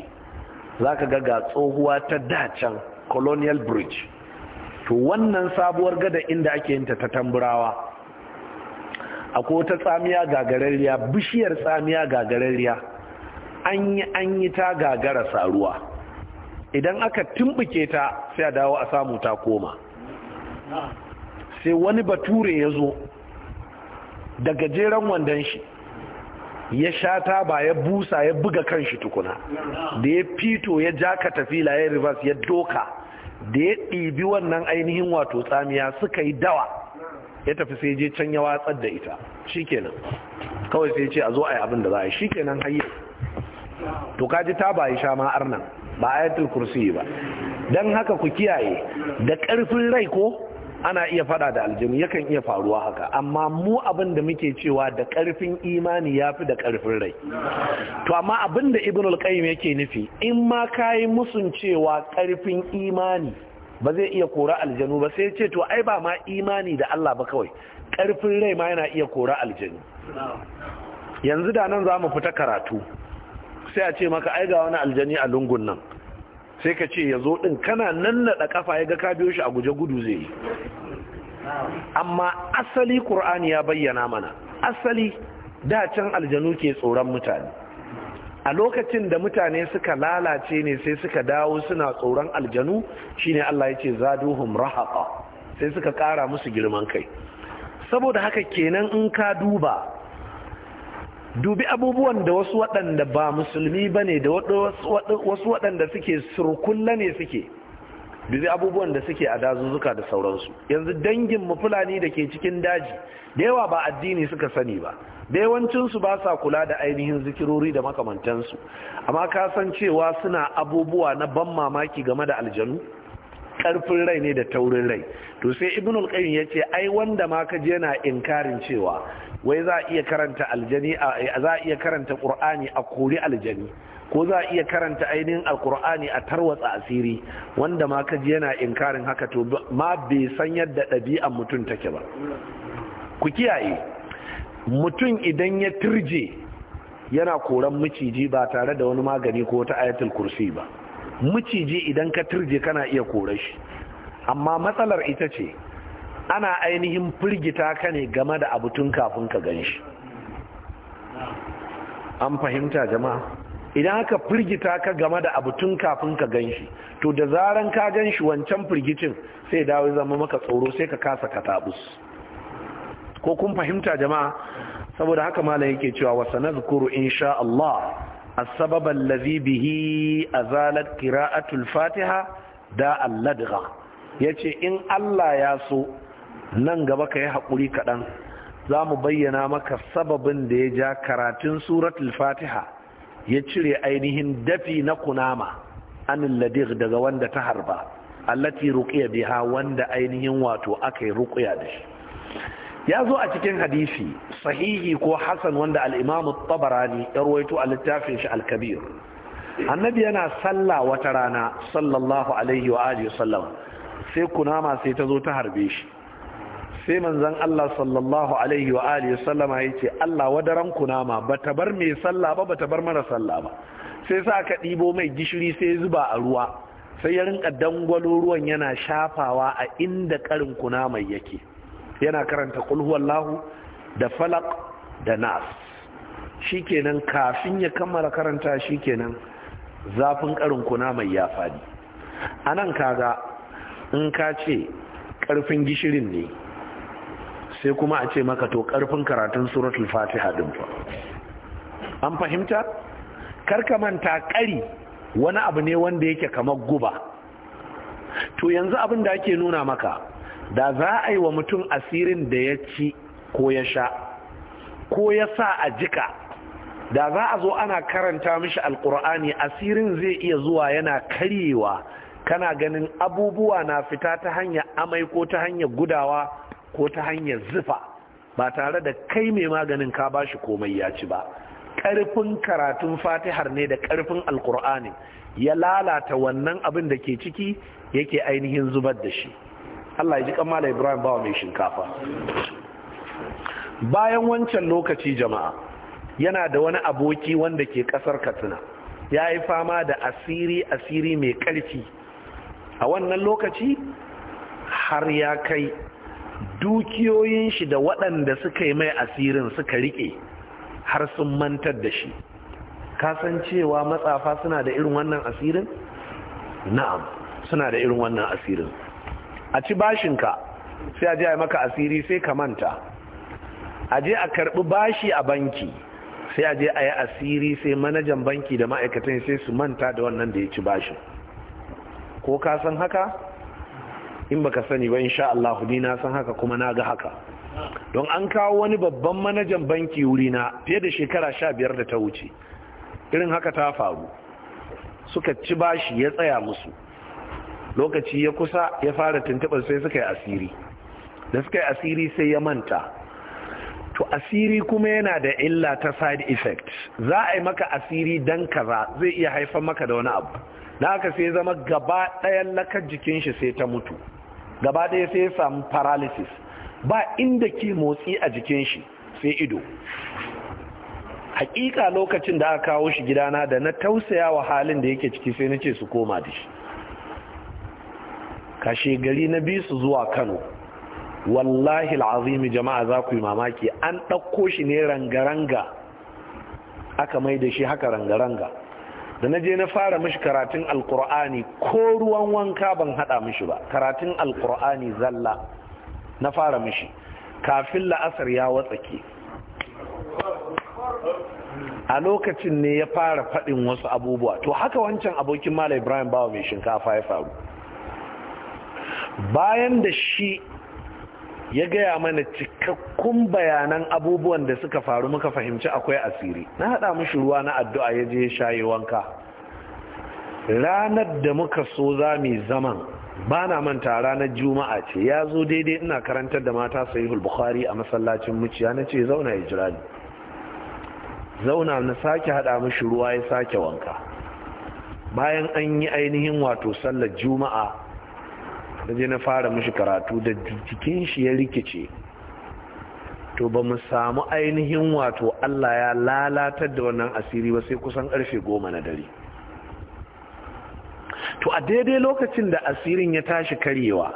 za ga ga tsohuwa ta dacan colonial bridge to wannan sabuwar gada inda ake yin ta ta tamburawa akwai wata tsamiya gagararriya bishiyar tsamiya gagararriya an yi an yi ta gagara saruwa idan aka tumbuke ta sai a dawo a samu ta koma sai wani bature ya zo da gajeren wandon shi ya sha ta ba ya busa ya buga kan shi tukuna da ya fito ya ja ka tafi ya rivers ya doka da ya ɗibi wannan ainihin wato tsamiya suka yi dawa ya tafi sai je can ya watsar da ita shikenan kawai sai ce a zo a yi abin da za a yi shikenan hanyar to kaji ta yi sha ma'ar nan ba a yi kursi ba don haka ku kiyaye da ƙarfin rai ko ana iya fada da aljanu yakan iya faruwa haka amma mu abin da muke cewa da karfin imani ya fi da karfin rai to amma abin da ibn al yake nufi in ma kayi musun cewa karfin imani ba zai iya kora aljanu ba sai ce to ai ba ma imani da Allah ba kawai karfin rai ma yana iya kora aljanu yanzu da nan za mu fita karatu sai a ce maka ai ga wani aljani a lungun nan sai ka ce ya zo ɗin kana nan naɗa ƙafa ya ga ka biyo shi a guje gudu zai yi amma asali ƙur'ani ya bayyana mana asali da can aljanu ke tsoron mutane a lokacin da mutane suka lalace ne sai suka dawo suna tsoron aljanu shine Allah ya ce zaduhum rahaqa sai suka kara musu girman kai saboda haka kenan in ka duba dubi abubuwan da wasu waɗanda ba musulmi bane da wasu waɗanda suke surkulla ne suke bizi abubuwan da suke a dazuzzuka da sauransu yanzu dangin mu fulani da ke cikin daji da yawa ba addini suka sani ba da yawancinsu ba sa kula da ainihin zikirori da makamantansu amma ka san cewa suna abubuwa na ban mamaki game da aljanu karfin rai ne da taurin rai to sai ibn al-qayyim yace ai wanda ma ka kaje yana inkarin cewa wai za a iya karanta aljani za a iya karanta qur'ani a kori aljani ko za a iya karanta ainihin alkur'ani a tarwatsa asiri wanda ma kaji yana inkarin haka to ma bai san yadda ɗabi'an mutum take ba ku kiyaye mutum idan ya turje yana koran maciji ba tare da wani magani ko ta ayatul kursi ba maciji idan ka turje kana iya kore shi amma matsalar ita ce ana ainihin firgita ka ne game da abu tun kafin ka gan shi an fahimta jama'a idan aka firgita ka game da abu tun kafin ka gan shi to da zaran ka gan shi wancan firgicin sai dawo zama maka tsoro sai ka kasa katabus ko kun fahimta jama'a saboda haka malam yake cewa wa sanadhkuru insha Allah as-sabab allazi bihi azalat qira'atul fatiha da al yace in Allah ya so nan gaba kai hakuri kadan za mu bayyana maka sababin da ya ja karatun suratul fatiha ya cire ainihin dafi na kunama anil ladir daga wanda ta harba allati ruqiya biha wanda ainihin wato aka yi ruqiya da shi ya zo a cikin hadisi sahihi ko hasan wanda al-imamu tabarani ya ruwaito a littafin shi al-kabir annabi yana sallah wata rana sallallahu alaihi wa alihi sallam sai kunama sai ta zo ta harbe shi sai manzon Allah sallallahu alaihi wa alihi sallama yace Allah wadaran kunama ba ta bar mai sallah ba ba ta bar mara sallah ba sai sa ka ɗibo mai gishiri sai zuba a ruwa sai ya rinka dangwalo ruwan yana shafawa a inda karin kunama yake yana karanta kulhuwallahu da falak da nas shikenan kafin ya kammala karanta shi kenan zafin karin kunama ya fadi anan kaga in ka ce karfin gishirin ne sai kuma a ce maka to karfin karatun suratul fatiha din fa an fahimta karka manta kari wani abu ne wanda yake kamar guba to yanzu abin da ake nuna maka da za a yi wa mutum asirin da ya ci ko ya sha ko ya sa a jika da za a zo ana karanta mishi alkur'ani asirin zai iya zuwa yana karyewa kana ganin abubuwa na fita ta hanyar amai ko ta hanyar gudawa ko ta hanyar zufa ba tare da kai mai maganin ka ba shi komai ya ci ba ƙarfin karatun fatihar ne da ƙarfin alkur'ani ya lalata wannan abin da ke ciki yake ainihin zubar da shi Allah ya ji kammala Ibrahim bawa mai shinkafa bayan wancan lokaci jama'a yana da wani aboki wanda ke ƙasar Katsina ya yi fama da asiri asiri mai ƙarfi a wannan lokaci har ya kai dukiyoyin shi da waɗanda suka yi mai asirin suka riƙe har sun mantar da shi kasancewa matsafa suna da irin wannan asirin? na'am suna da irin wannan asirin a ci bashinka sai a je a maka asiri sai ka manta a je a karɓi bashi a banki sai a je a yi asiri sai manajan banki da ma'aikatan sai su manta da wannan da ya ci bashin ko ka san haka? in baka sani ba insha Allah ni na san haka kuma na ga haka don an kawo wani babban manajan banki wuri na fiye da shekara sha biyar da ta wuce irin haka ta faru suka ci bashi ya tsaya musu lokaci ya kusa ya fara tuntuɓar sai suka yi asiri da suka yi asiri sai ya manta to asiri kuma yana da illa ta side effect za a yi maka asiri don kaza zai iya haifar maka da wani abu da haka sai zama gaba ɗayan lakar jikin shi sai ta mutu gaba ɗaya sai ya samu paralysis ba inda ke motsi a jikin shi sai ido hakika lokacin da aka kawo shi gidana da na tausaya wa halin da yake ciki sai na ce su koma da shi kashe gari na bi su zuwa kano wallahi al'azimi jama'a za ku yi mamaki an ɗauko shi ne rangaranga aka mai da shi haka rangaranga da na je na fara mishi karatun alkur'ani ko ruwan wanka ban hada mishi ba karatun alkur'ani zalla na fara mishi kafin la'asar ya watsake a lokacin ne ya fara faɗin wasu abubuwa to haka wancan abokin mala ibrahim bawa mai shinkafa ya faru bayan da shi ya gaya mana cikakkun bayanan abubuwan da suka faru muka fahimci akwai asiri na haɗa mushi ruwa na addu'a ya je shayi wanka ranar da muka so za mu zaman ba na manta ranar juma'a ce ya zo daidai ina karantar da mata sayi bukhari a masallacin muciya na ce zauna ya jira ni zauna na sake haɗa mushi ruwa ya sake wanka bayan an yi ainihin wato sallar juma'a da je na fara mashi karatu da jikin shi ya rikice to ba mu samu ainihin wato Allah ya lalatar da wannan asiri ba sai kusan karfe goma na dare to a daidai lokacin da asirin ya tashi karyewa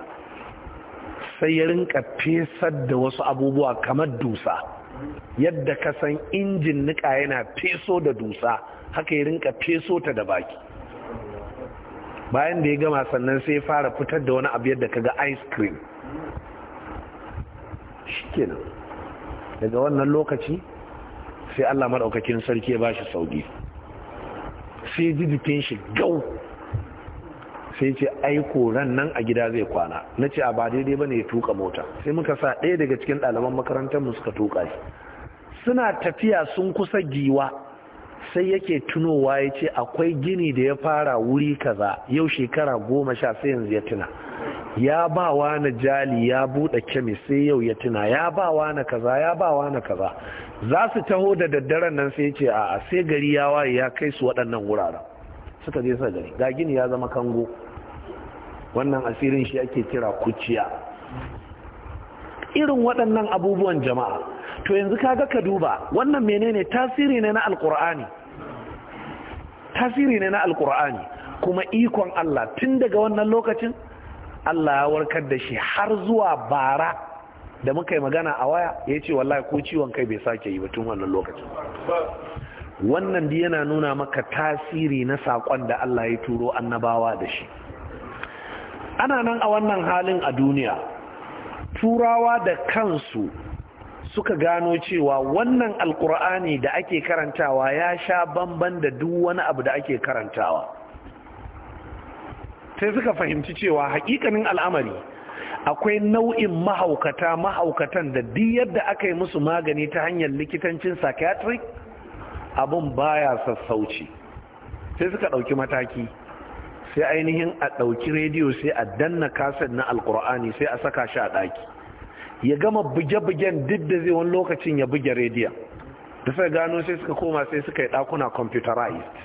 sai ya rinka fesar da wasu abubuwa kamar dusa yadda ka san injin nika yana feso da dusa haka ya rinka feso ta da baki bayan da ya gama sannan sai ya fara fitar da wani abu yadda kaga ice cream shikenan daga wannan lokaci sai Allah madaukakin sarki ya bashi sauki sai ji jikin shi gau sai ce aiko ran nan a gida zai kwana na ce a ba daidai ba ne ya tuka mota sai muka sa ɗaya daga cikin ɗaliban makarantar mu suka tuka shi suna tafiya sun kusa giwa sai yake tunowa ya ce akwai gini da ya fara wuri kaza yau shekara goma sha sai yanzu ya tuna ya ba wa na jali ya buɗe kemis sai yau ya tuna ya ba wa na kaza ya ba wa na kaza za su taho da daddaren nan sai ce a sai gari ya waye ya kai su waɗannan wuraren suka je sa gari ga gini ya zama kango wannan asirin shi ake kira kuciya irin waɗannan abubuwan jama'a to yanzu ka ga ka duba wannan menene tasiri ne na alkur'ani tasiri ne na alkur'ani kuma ikon Allah tun daga wannan lokacin Allah ya warkar da shi har zuwa bara da muka yi magana a waya ya ce wallahi ko ciwon kai bai sake yi ba tun wannan lokacin wannan da yana nuna maka tasiri na saƙon da Allah ya turo annabawa da shi ana nan a wannan halin a duniya turawa da kansu suka gano cewa wannan alkur'ani da ake karantawa ya sha bamban da duk wani abu da ake karantawa sai suka fahimci cewa hakikanin al'amari akwai nau'in mahaukata mahaukatan da duk yadda aka yi musu magani ta hanyar likitancin psychiatric abin baya sassauci sai suka ɗauki mataki sai ainihin a ɗauki rediyo sai a danna kaset na alkur'ani sai a saka shi a ɗaki ya gama buge-bugen duk da zai wani lokacin ya buge rediyon da sai gano sai suka koma sai suka yi ɗakuna computerized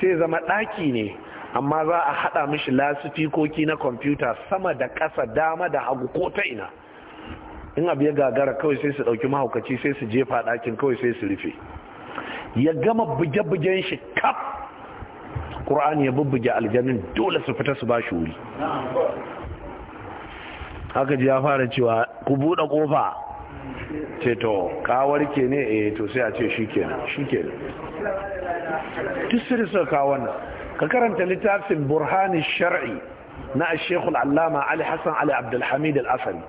sai zama ɗaki ne amma za a haɗa mishi lasifikoki na kwamfuta sama da ƙasa dama da hagu ko ta ina in abu ya gagara kawai sai su ɗauki mahaukaci sai su jefa ɗakin kawai sai su rufe ya gama buge-bugen shi kaf ƙur'ani ya bubbuge aljanun dole su fita su ba shi wuri haka ji ya fara cewa ku buɗe ƙofa ce to kawar ke ne eh to sai a ce shi nan shi kenan tisiri kawon ka karanta littafin burhani shar'i na shekul allama ali hassan ali abdulhamid al-asari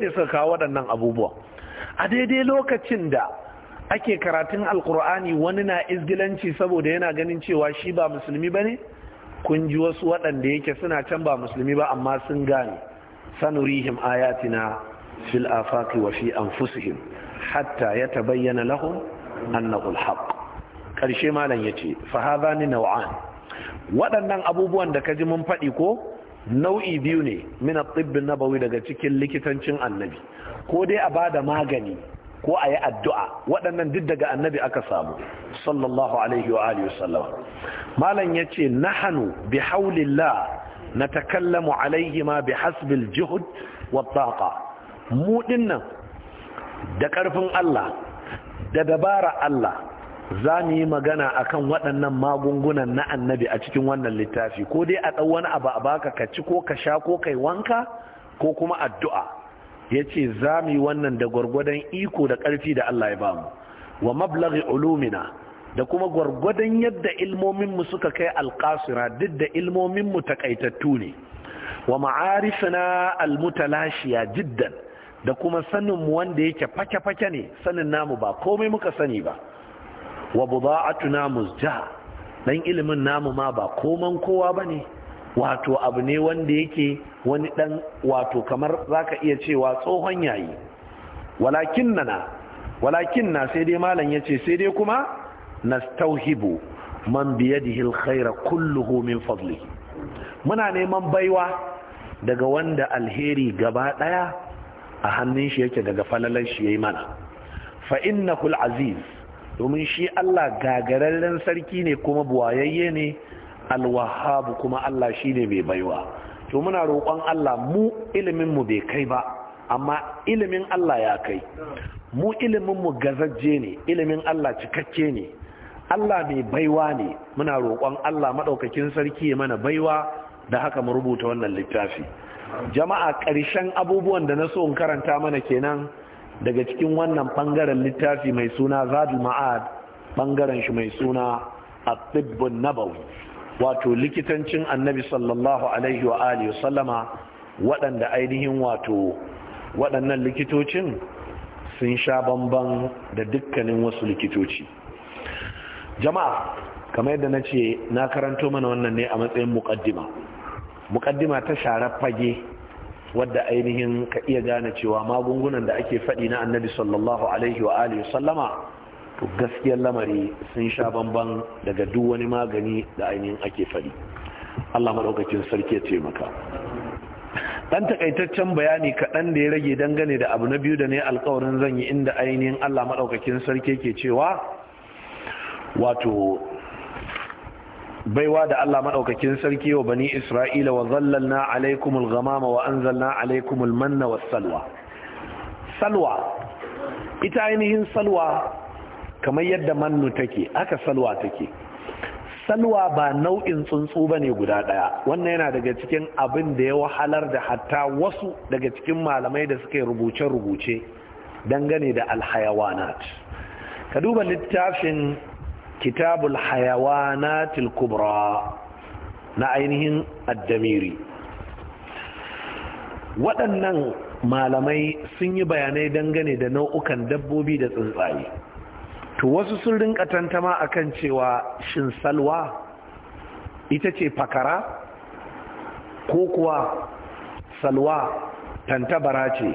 duk kawo waɗannan abubuwa a daidai lokacin da ake karatun alkur'ani wani na izgilanci saboda yana ganin cewa shi ba musulmi ba ne kun ji wasu waɗanda yake suna can ba musulmi ba amma sun gane sanurihim ayatina fil afaki wa fi anfusihim hatta ya yatabayyana lahum annahu alhaq karshe malam yace fa hadhani naw'an waɗannan abubuwan da kaji mun faɗi ko nau'i biyu ne min at-tibb nabawi daga cikin likitancin annabi ko dai a bada magani ko a yi addu'a waɗannan duk daga annabi aka samu sallallahu alaihi wa alihi wasallam malam yace nahanu bi haulillah natakallamu alaihima bihasbil juhud wattaqa mu dinnan da karfin Allah da dabara Allah za mu yi magana akan waɗannan magungunan na annabi a cikin wannan littafi ko dai a ɗau wani abu a baka ka ci ko ka sha ko kai wanka ko kuma addu'a ya ce za mu yi wannan da gwargwadon iko da ƙarfi da Allah ya bamu wa mablaghi ulumina da kuma gwargwadon yadda ilmominmu suka kai alkasira duk da ilmominmu takaitattu ne wa ma'arifina almutalashiya jiddan da kuma saninmu wanda yake fake-fake ne sanin namu ba komai muka sani ba wa buda'atuna ja dan ilimin namu ma ba koman kowa ba ne. wato abu ne wanda yake wani dan wato kamar zaka iya cewa tsohon yayi walakin na, walakin na sai dai malam ya ce sai dai kuma nastauhibu man biyadihi alkhaira kulluhu min fadli muna neman baiwa daga wanda alheri gaba daya a hannun shi yake daga falalan shi yayi mana fa innakul aziz domin shi Allah gagararren sarki ne kuma buwayayye ne alwahabu kuma Allah shine mai baiwa to muna roƙon Allah mu ilimin mu bai kai ba amma ilimin Allah ya kai mu ilimin mu gazajje ne ilimin Allah cikakke ne Allah mai baiwa ne muna roƙon Allah maɗaukakin sarki mana baiwa da haka mu rubuta wannan littafi jama'a ƙarshen abubuwan da na so in karanta mana kenan daga cikin wannan ɓangaren littafi mai suna zadul ma'ad ɓangaren shi mai suna atibbun nabawi wato likitancin annabi sallallahu alaihi wa alihi sallama waɗanda ainihin wato waɗannan likitocin sun sha bamban da dukkanin wasu likitoci jama'a kamar yadda na ce na karanto mana wannan ne a matsayin mukaddima muƙaddima ta share fage wadda ainihin ka iya gane cewa magungunan da ake faɗi na annabi sallallahu alaihi wa alihi sallama to gaskiyar lamari sun sha bamban daga duk wani magani da ainihin ake faɗi Allah maɗaukakin sarki ya taimaka dan takaitaccen bayani kaɗan da ya rage dangane da abu na biyu da ne alkawarin zan yi inda ainihin Allah maɗaukakin sarki ke cewa wato baiwa da Allah madaukakin sarki wa bani Isra'ila wa zallalna alaikumul ghamama wa anzalna alaikumul manna was salwa salwa ita ainihin salwa kamar yadda mannu take aka salwa take salwa ba nau'in tsuntsu ba ne guda ɗaya, wannan yana daga cikin abin da ya wahalar da hatta wasu daga cikin malamai da suka rubuce-rubuce dangane da alhayawanat ka duba littafin kitabul na kubra na ainihin addamiri waɗannan malamai sun yi bayanai dangane da nau'ukan dabbobi da tsuntsaye to wasu sun rinka tantama akan cewa shin salwa ita ce fakara ko kuwa salwa tantabara ce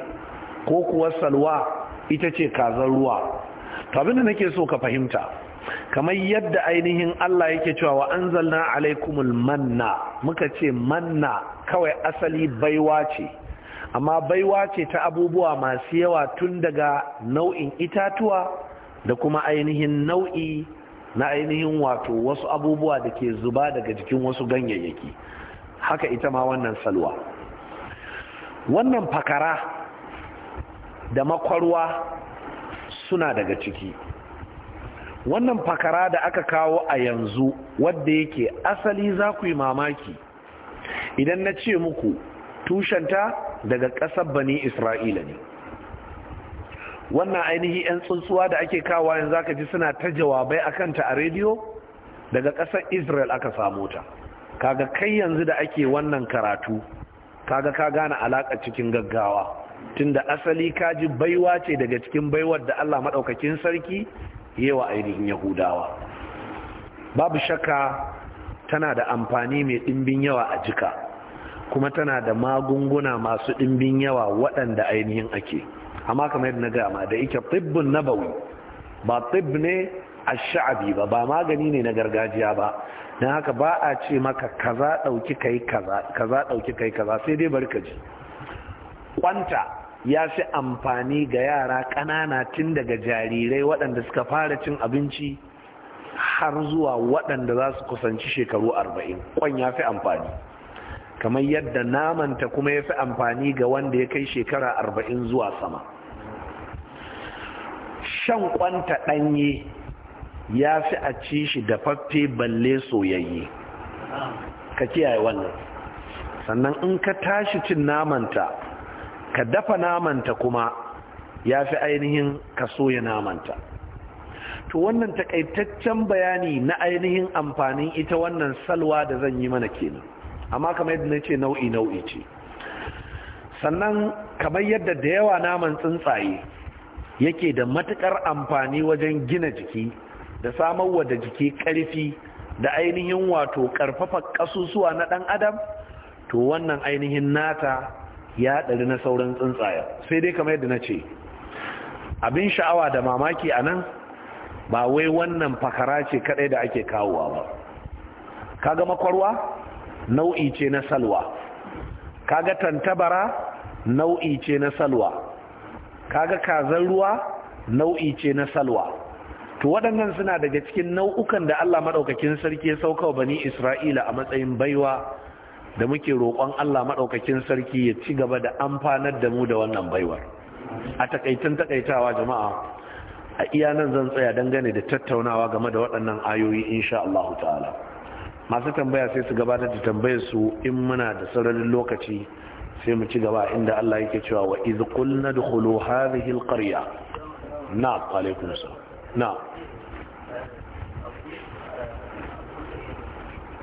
ko kuwa salwa ita ce kazan ruwa to abinda nake so ka fahimta kamar yadda ainihin Allah yake cewa wa anzalna alaikumul manna muka ce manna kawai asali baiwa ce amma baiwa ce ta abubuwa masu yawa tun daga nau'in itatuwa da kuma ainihin nau'i na ainihin wato wasu abubuwa da ke zuba daga jikin wasu ganyayyaki haka ita ma wannan salwa wannan fakara da makwarwa suna daga ciki wannan fakara da aka kawo a yanzu wadda yake asali za ku yi mamaki idan na ce muku tushenta daga ƙasar bani isra'ila ne wannan ainihi 'yan tsuntsuwa da ake kawo yanzu ka ji suna ta jawabai a kanta a rediyo daga ƙasar israel aka samu ta kaga kai yanzu da ake wannan karatu kaga ka gane alaƙa cikin gaggawa tunda asali kaji baiwa ce daga cikin baiwar da allah maɗaukakin sarki yawa ainihin yahudawa babu shaka tana da amfani mai ɗimbin yawa a jika kuma tana da magunguna masu ɗimbin yawa waɗanda ainihin ake amma kamar yadda na gama da ike tibbin nabawi ba tibb ne a sha'abi ba ba magani ne na gargajiya ba don haka ba a ce maka kaza ɗauki kai kaza kaza ɗauki kai kaza sai dai bari ka ji kwanta ya fi amfani ga yara ƙanana tun daga jarirai waɗanda suka fara cin abinci har zuwa waɗanda za su kusanci shekaru arba'in kwan ya fi amfani kamar yadda namanta kuma ya fi amfani ga wanda ya kai shekara arba'in zuwa sama shan ƙwanta ɗanye ya fi a ci shi da faffe balle soyayye ka kiyaye wannan sannan in ka tashi cin namanta ka dafa namanta kuma ya fi ainihin ka soya namanta to wannan takaitaccen bayani na ainihin amfanin ita wannan salwa da zan yi mana kenan amma kamar yadda na ce nau'i nau'i ce sannan kamar yadda da yawa naman tsuntsaye yake da matukar amfani wajen gina jiki da samarwa da jiki ƙarfi da ainihin wato ƙarfafa ƙasusuwa na ɗan adam to wannan ainihin nata ya ɗari na sauran tsuntsayen sai dai kamar yadda na ce abin sha'awa da mamaki a nan ba wai wannan fakara ce kaɗai da ake kawowa ba kaga makwarwa nau'i ce na salwa kaga tantabara nau'i ce na salwa kaga kazan ruwa nau'i ce na salwa to waɗannan suna daga cikin nau'ukan da Allah maɗaukakin sarki ya sauka wa bani Isra'ila a matsayin baiwa da muke roƙon Allah maɗaukakin sarki ya ci gaba da amfanar da mu da wannan baiwar a takaitan takaitawa jama'a a iya nan zan tsaya dangane da tattaunawa game da waɗannan ayoyi insha Allah ta'ala masu tambaya sai su gabatar da tambayar su in muna da sararin lokaci sai mu ci gaba inda Allah yake cewa wa iz qulna dkhulu hadhihi alqarya na alaikum assalam na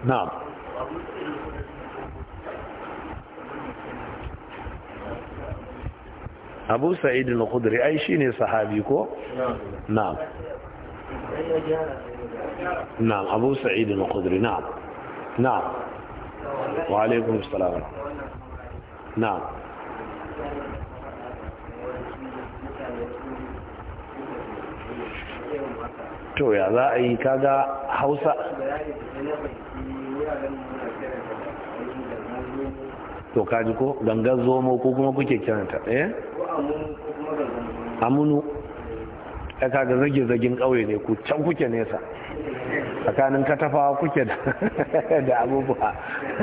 na abu sa'idu na khudri ai ne sahabi ko na'am na'am abu sa'idu na khudri na'am na'am wa alaikun salama na'am to ya za a yi kaga hausa to kaji ko gangan zomo ko kuma kuke kiranta eh amunu ya kaga zage zagin kauye ne ku can kuke nesa tsakanin katafawa kuke da [laughs] abubuwa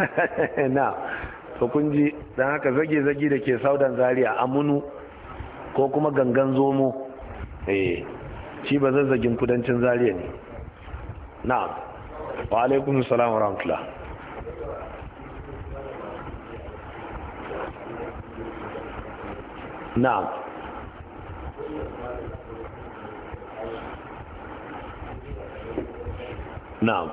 [laughs] na to kun ji don haka zage zage da ke saudan zaria amunu ko kuma gangan zomo eh shi ba zazzagin kudancin zaria ne na wa alaikun salam wa rahmatullah نعم نعم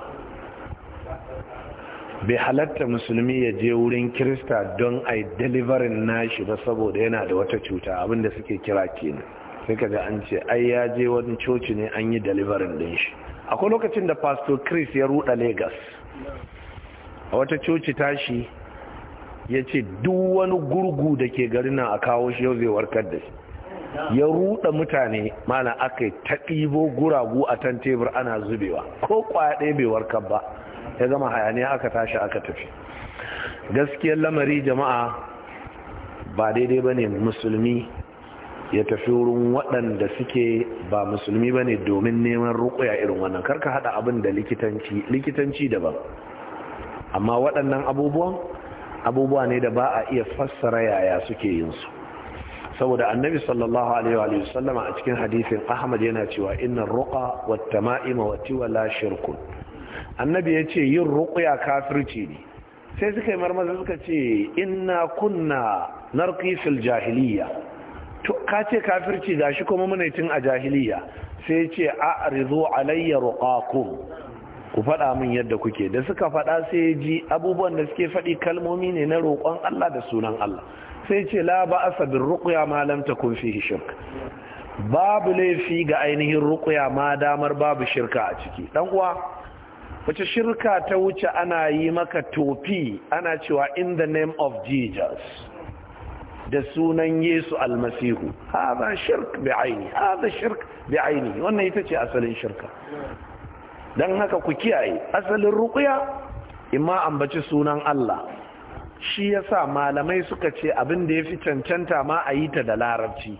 bai halatta musulmi ya je wurin kirista don a deliverin nashi ba saboda yana da wata cuta abinda suke kira kenan sai kaga an ce ai ya je wani coci ne an yi deliverin din shi akwai lokacin da pastor chris ya ruda lagos a wata coci tashi ya ce duk wani gurgu da ke garin nan a kawo shi yau zai warkar da shi ya ruɗa mutane mana aka yi ta ɗibo guragu a tan tebur ana zubewa ko kwaya ɗaya bai warkar ba ya gama hayaniya aka tashi aka tafi gaskiyar lamari jama'a ba daidai ba ne musulmi ya tafi wurin waɗanda suke ba musulmi ba ne domin neman rukuya irin wannan karka haɗa abin da likitanci likitanci daban amma waɗannan abubuwan abubuwa ne da ba a iya fassara yaya suke yin su saboda annabi sallallahu alaihi wa sallama a cikin hadisin ahmad yana cewa inna ruqa wat tama'ima wat tiwala shirkun annabi ya ce yin ruqya kafirci ne sai suka yi marmaza suka ce inna kunna narqi fil jahiliya to ka ce kafirci gashi kuma muna tun a jahiliya sai ce a rizo alayya ruqakum ku faɗa min yadda kuke da suka faɗa sai ji abubuwan da suke faɗi kalmomi ne na roƙon Allah da sunan Allah sai ce la ba asa bin ruqya ma lam takun fihi shirk babu laifi ga ainihin rukuya ma damar babu shirka a ciki Ɗan uwa wace shirka ta wuce ana yi maka tofi ana cewa in the name of Jesus da sunan Yesu almasihu haza shirk bi aini shirk bi aini wannan ita ce asalin shirka don haka ku kiyaye asalin ruƙuya imma ambaci sunan Allah shi yasa malamai suka ce abin da ya fi cancanta ma a yi ta da larabci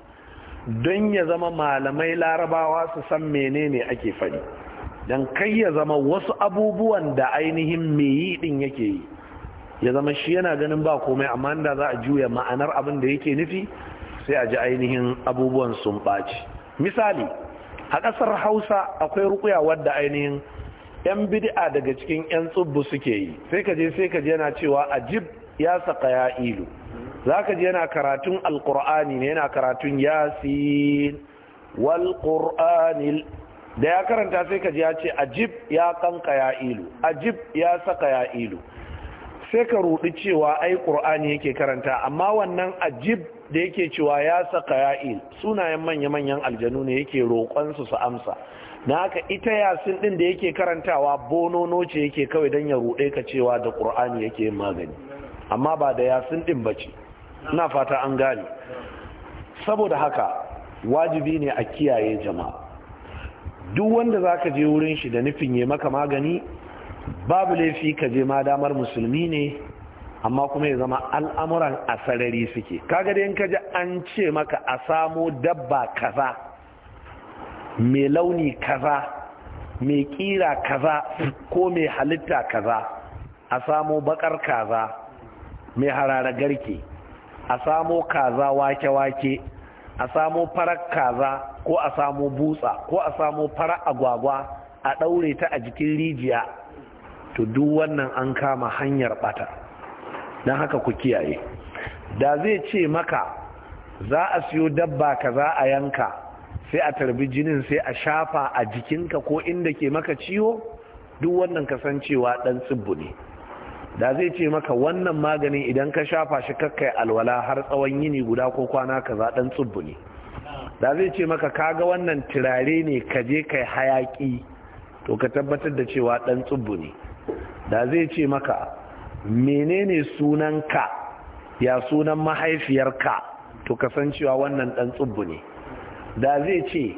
don ya zama malamai larabawa su san menene ake faɗi don kai ya zama wasu abubuwan da ainihin yi din yake yi ya zama shi yana ganin ba komai amma da za a juya ma'anar abin da yake nufi sai a ji ainihin abubuwan sun ɓaci misali a ƙasar hausa akwai rukuya wadda ainihin 'yan bid'a daga cikin 'yan tsubbu suke yi sai ka je sai ka je yana cewa ajib ya saka ya ilu za ka je yana karatun alkur'ani ne yana karatun yasin wal da ya karanta sai ka je ya ce ajib ya kanka ya ilu ajib ya saka ya ilu sai ka rudi cewa ai qur'ani yake karanta amma wannan ajib da yake cewa ya saka ya'il sunayen manya-manyan aljanu ne yake roƙon su su amsa na haka ita yasin din da yake karantawa bonono ce yake kawai dan ya ruɗe ka cewa da ƙur'ani yake magani amma ba da yasin din ba ce na fata an gane saboda haka wajibi ne a kiyaye jama'a duk wanda zaka je wurin shi da nufin ya maka magani babu laifi ka je ma damar musulmi ne amma kuma ya zama al'amuran a sarari suke kaga da yanka ji an ce maka a samo dabba kaza mai launi kaza mai kira kaza ko mai halitta kaza a samo bakar kaza mai harara garke a samo kaza wake-wake a samo farar kaza ko a samo butsa ko a samo farar agwagwa a ɗaure ta a jikin rijiya to duk wannan an kama hanyar bata don haka ku kiyaye da zai ce maka za a siyo dabba ka za a yanka sai a tarbi jinin sai a shafa a jikinka ko inda ke maka ciwo duk wannan kasancewa dan tsibbu ne da zai ce maka wannan maganin idan ka shafa shi kakkai alwala har tsawon yini guda ko kwana ka za dan tsibbu ne da zai ce maka kaga wannan turare ne ka je kai hayaki to ka tabbatar da cewa dan tsibbu ne da zai ce maka menene sunanka ya sunan mahaifiyarka to kasancewa wannan dan tsubbu ne da zai ce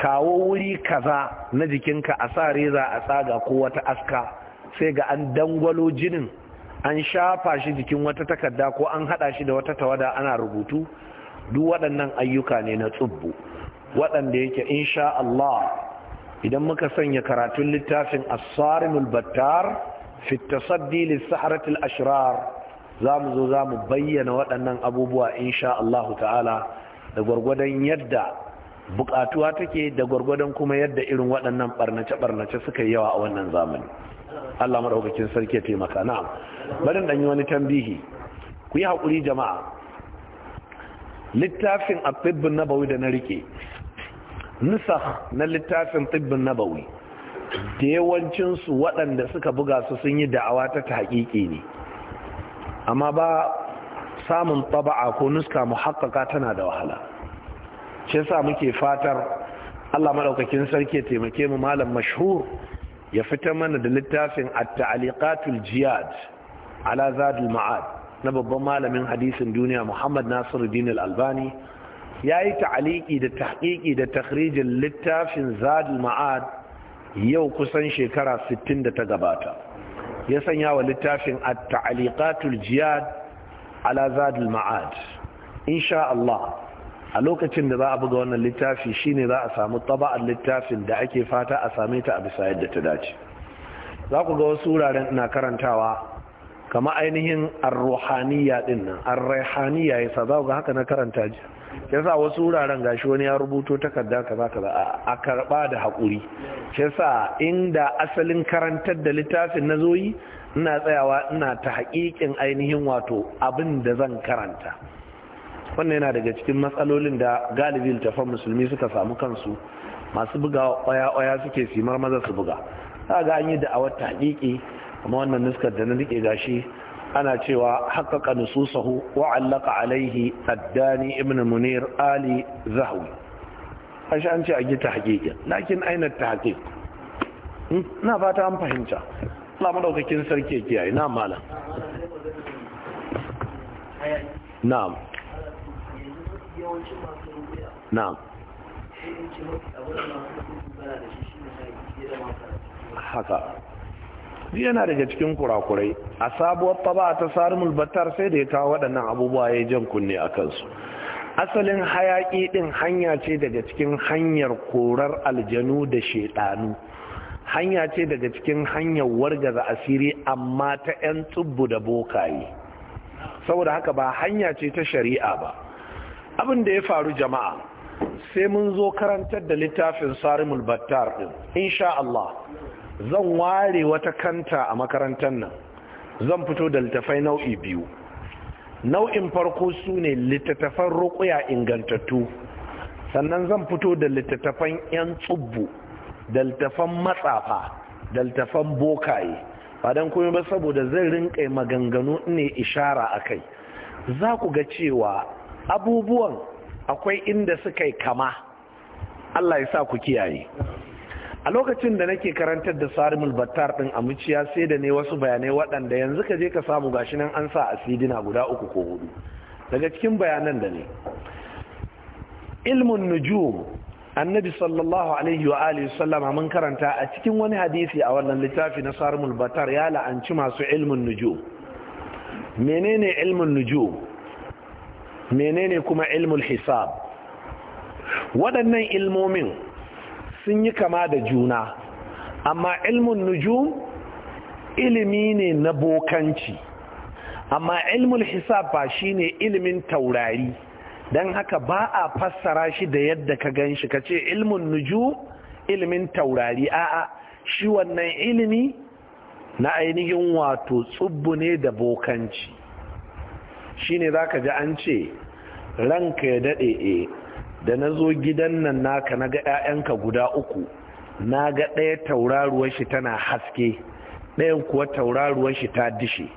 kawo wuri kaza na jikinka a sa reza a tsaga ko wata aska sai ga an dangwalo jinin an shafa shi jikin wata takarda ko an hada shi da wata tawada ana rubutu duk waɗannan ayyuka ne na tsubbu waɗanda yake insha Allah idan muka sanya karatun littafin asarimul battar fi tasaddi lissaharatul ashrar za mu zo za mu bayyana waɗannan abubuwa insha Allah ta'ala da gwargwadon yadda bukatuwa take da gwargwadon kuma yadda irin waɗannan barnace-barnace suka yi yawa a wannan zamani Allah maɗaukakin sarki ya taimaka na barin ɗanyi wani tambihi ku yi haƙuri jama'a littafin fibbin nabawi da na rike nusakh na littafin tibbin nabawi da yawancinsu waɗanda suka buga su sun yi da'awa ta haƙiƙi ne amma ba samun taba'a ko nuska mu haƙaƙa tana da wahala ce sa muke fatar Allah maɗaukakin sarki taimake mu malam mashhur ya fita mana da littafin at-ta'liqatul jiyad ala zadul ma'ad na babban malamin hadisin duniya Muhammad Nasiru Dinar albani ya yi ta'aliki da tahqiqi da takhrijin littafin zadul ma'ad yau kusan shekara 60 da ta gabata ya sanya wa littafin at-ta'liqatul jiyad ala zadul ma'ad insha Allah a lokacin da za a buga wannan littafi shine za a samu taba'ar littafin da ake fata a same ta a bisa yadda ta dace za ku ga wasu wuraren ina karantawa kama ainihin ar-ruhaniyya dinnan ar yasa za ku ga haka na karanta ji yasa wasu wuraren gashi wani ya rubuto takarda kaza kaza a karba da hakuri yasa inda asalin karantar da littafin na zoyi ina tsayawa ina ta haƙiƙin ainihin wato abin da zan karanta wannan yana daga cikin matsalolin da galibi littafan musulmi suka samu kansu masu buga waya-waya suke simar maza su buga za ga an yi da'awar ta haƙiƙi amma wannan nuskar da na rike gashi ana cewa haƙaƙa nususahu wa allaka alaihi addani ibn munir ali zahawi ashe an ce a gita haƙiƙin lakin ainihin ta haƙiƙ na fata an fahimta lamu daukakin sarki kiyaye na malam na'am na'am haka duk yana daga cikin kurakurai a sabuwar taba ta sarumul battar sai da ya kawo waɗannan abubuwa ya jan kunne a kansu asalin hayaƙi ɗin hanya ce daga cikin hanyar korar aljanu da shaidanu hanya ce daga cikin hanyar wargaza asiri amma ta 'yan tsubbu da bokaye saboda haka ba hanya ce ta shari'a ba abin da ya faru jama'a sai mun zo karantar da littafin sarimul battar ɗin insha Allah zan ware wata kanta a makarantar nan zan fito da littafai nau'i biyu nau'in farko su ne littattafan rukuya ingantattu sannan zan fito da littattafan 'yan tsubbu da littattafan matsafa da littattafan bokaye ba don kuma ba saboda zai rinƙa maganganu ne ishara a kai za ku ga cewa abubuwan akwai inda suka yi kama Allah ya sa ku kiyaye a lokacin da nake karantar da sarimul battar din a muciya sai da ne wasu bayanai waɗanda yanzu ka je ka samu gashi nan an sa asidina guda uku ko hudu daga cikin bayanan da ne ilmun nujum annabi sallallahu alaihi wa alihi sallama mun karanta a cikin wani hadisi a wannan littafi na sarimul batar ya la'anci masu ilmun nujum menene ilmun nujum menene kuma ilmul hisab waɗannan ilmomin sun yi kama da juna amma ilmin nujum ilimi ne na bokanci amma ilmun hisab ba shine ilimin taurari don haka ba a fassara shi da yadda ka gan shi ka ce ilmin nujum ilimin taurari a'a shi wannan ilimi na ainihin wato tsubbu ne da bokanci shine za ka ji an ce ranka ya daɗe eh, da na zo gidan nan naka na ga 'ya'yanka guda uku na ga ɗaya tauraruwar shi tana haske ɗayan kuwa tauraruwar shi ta dishe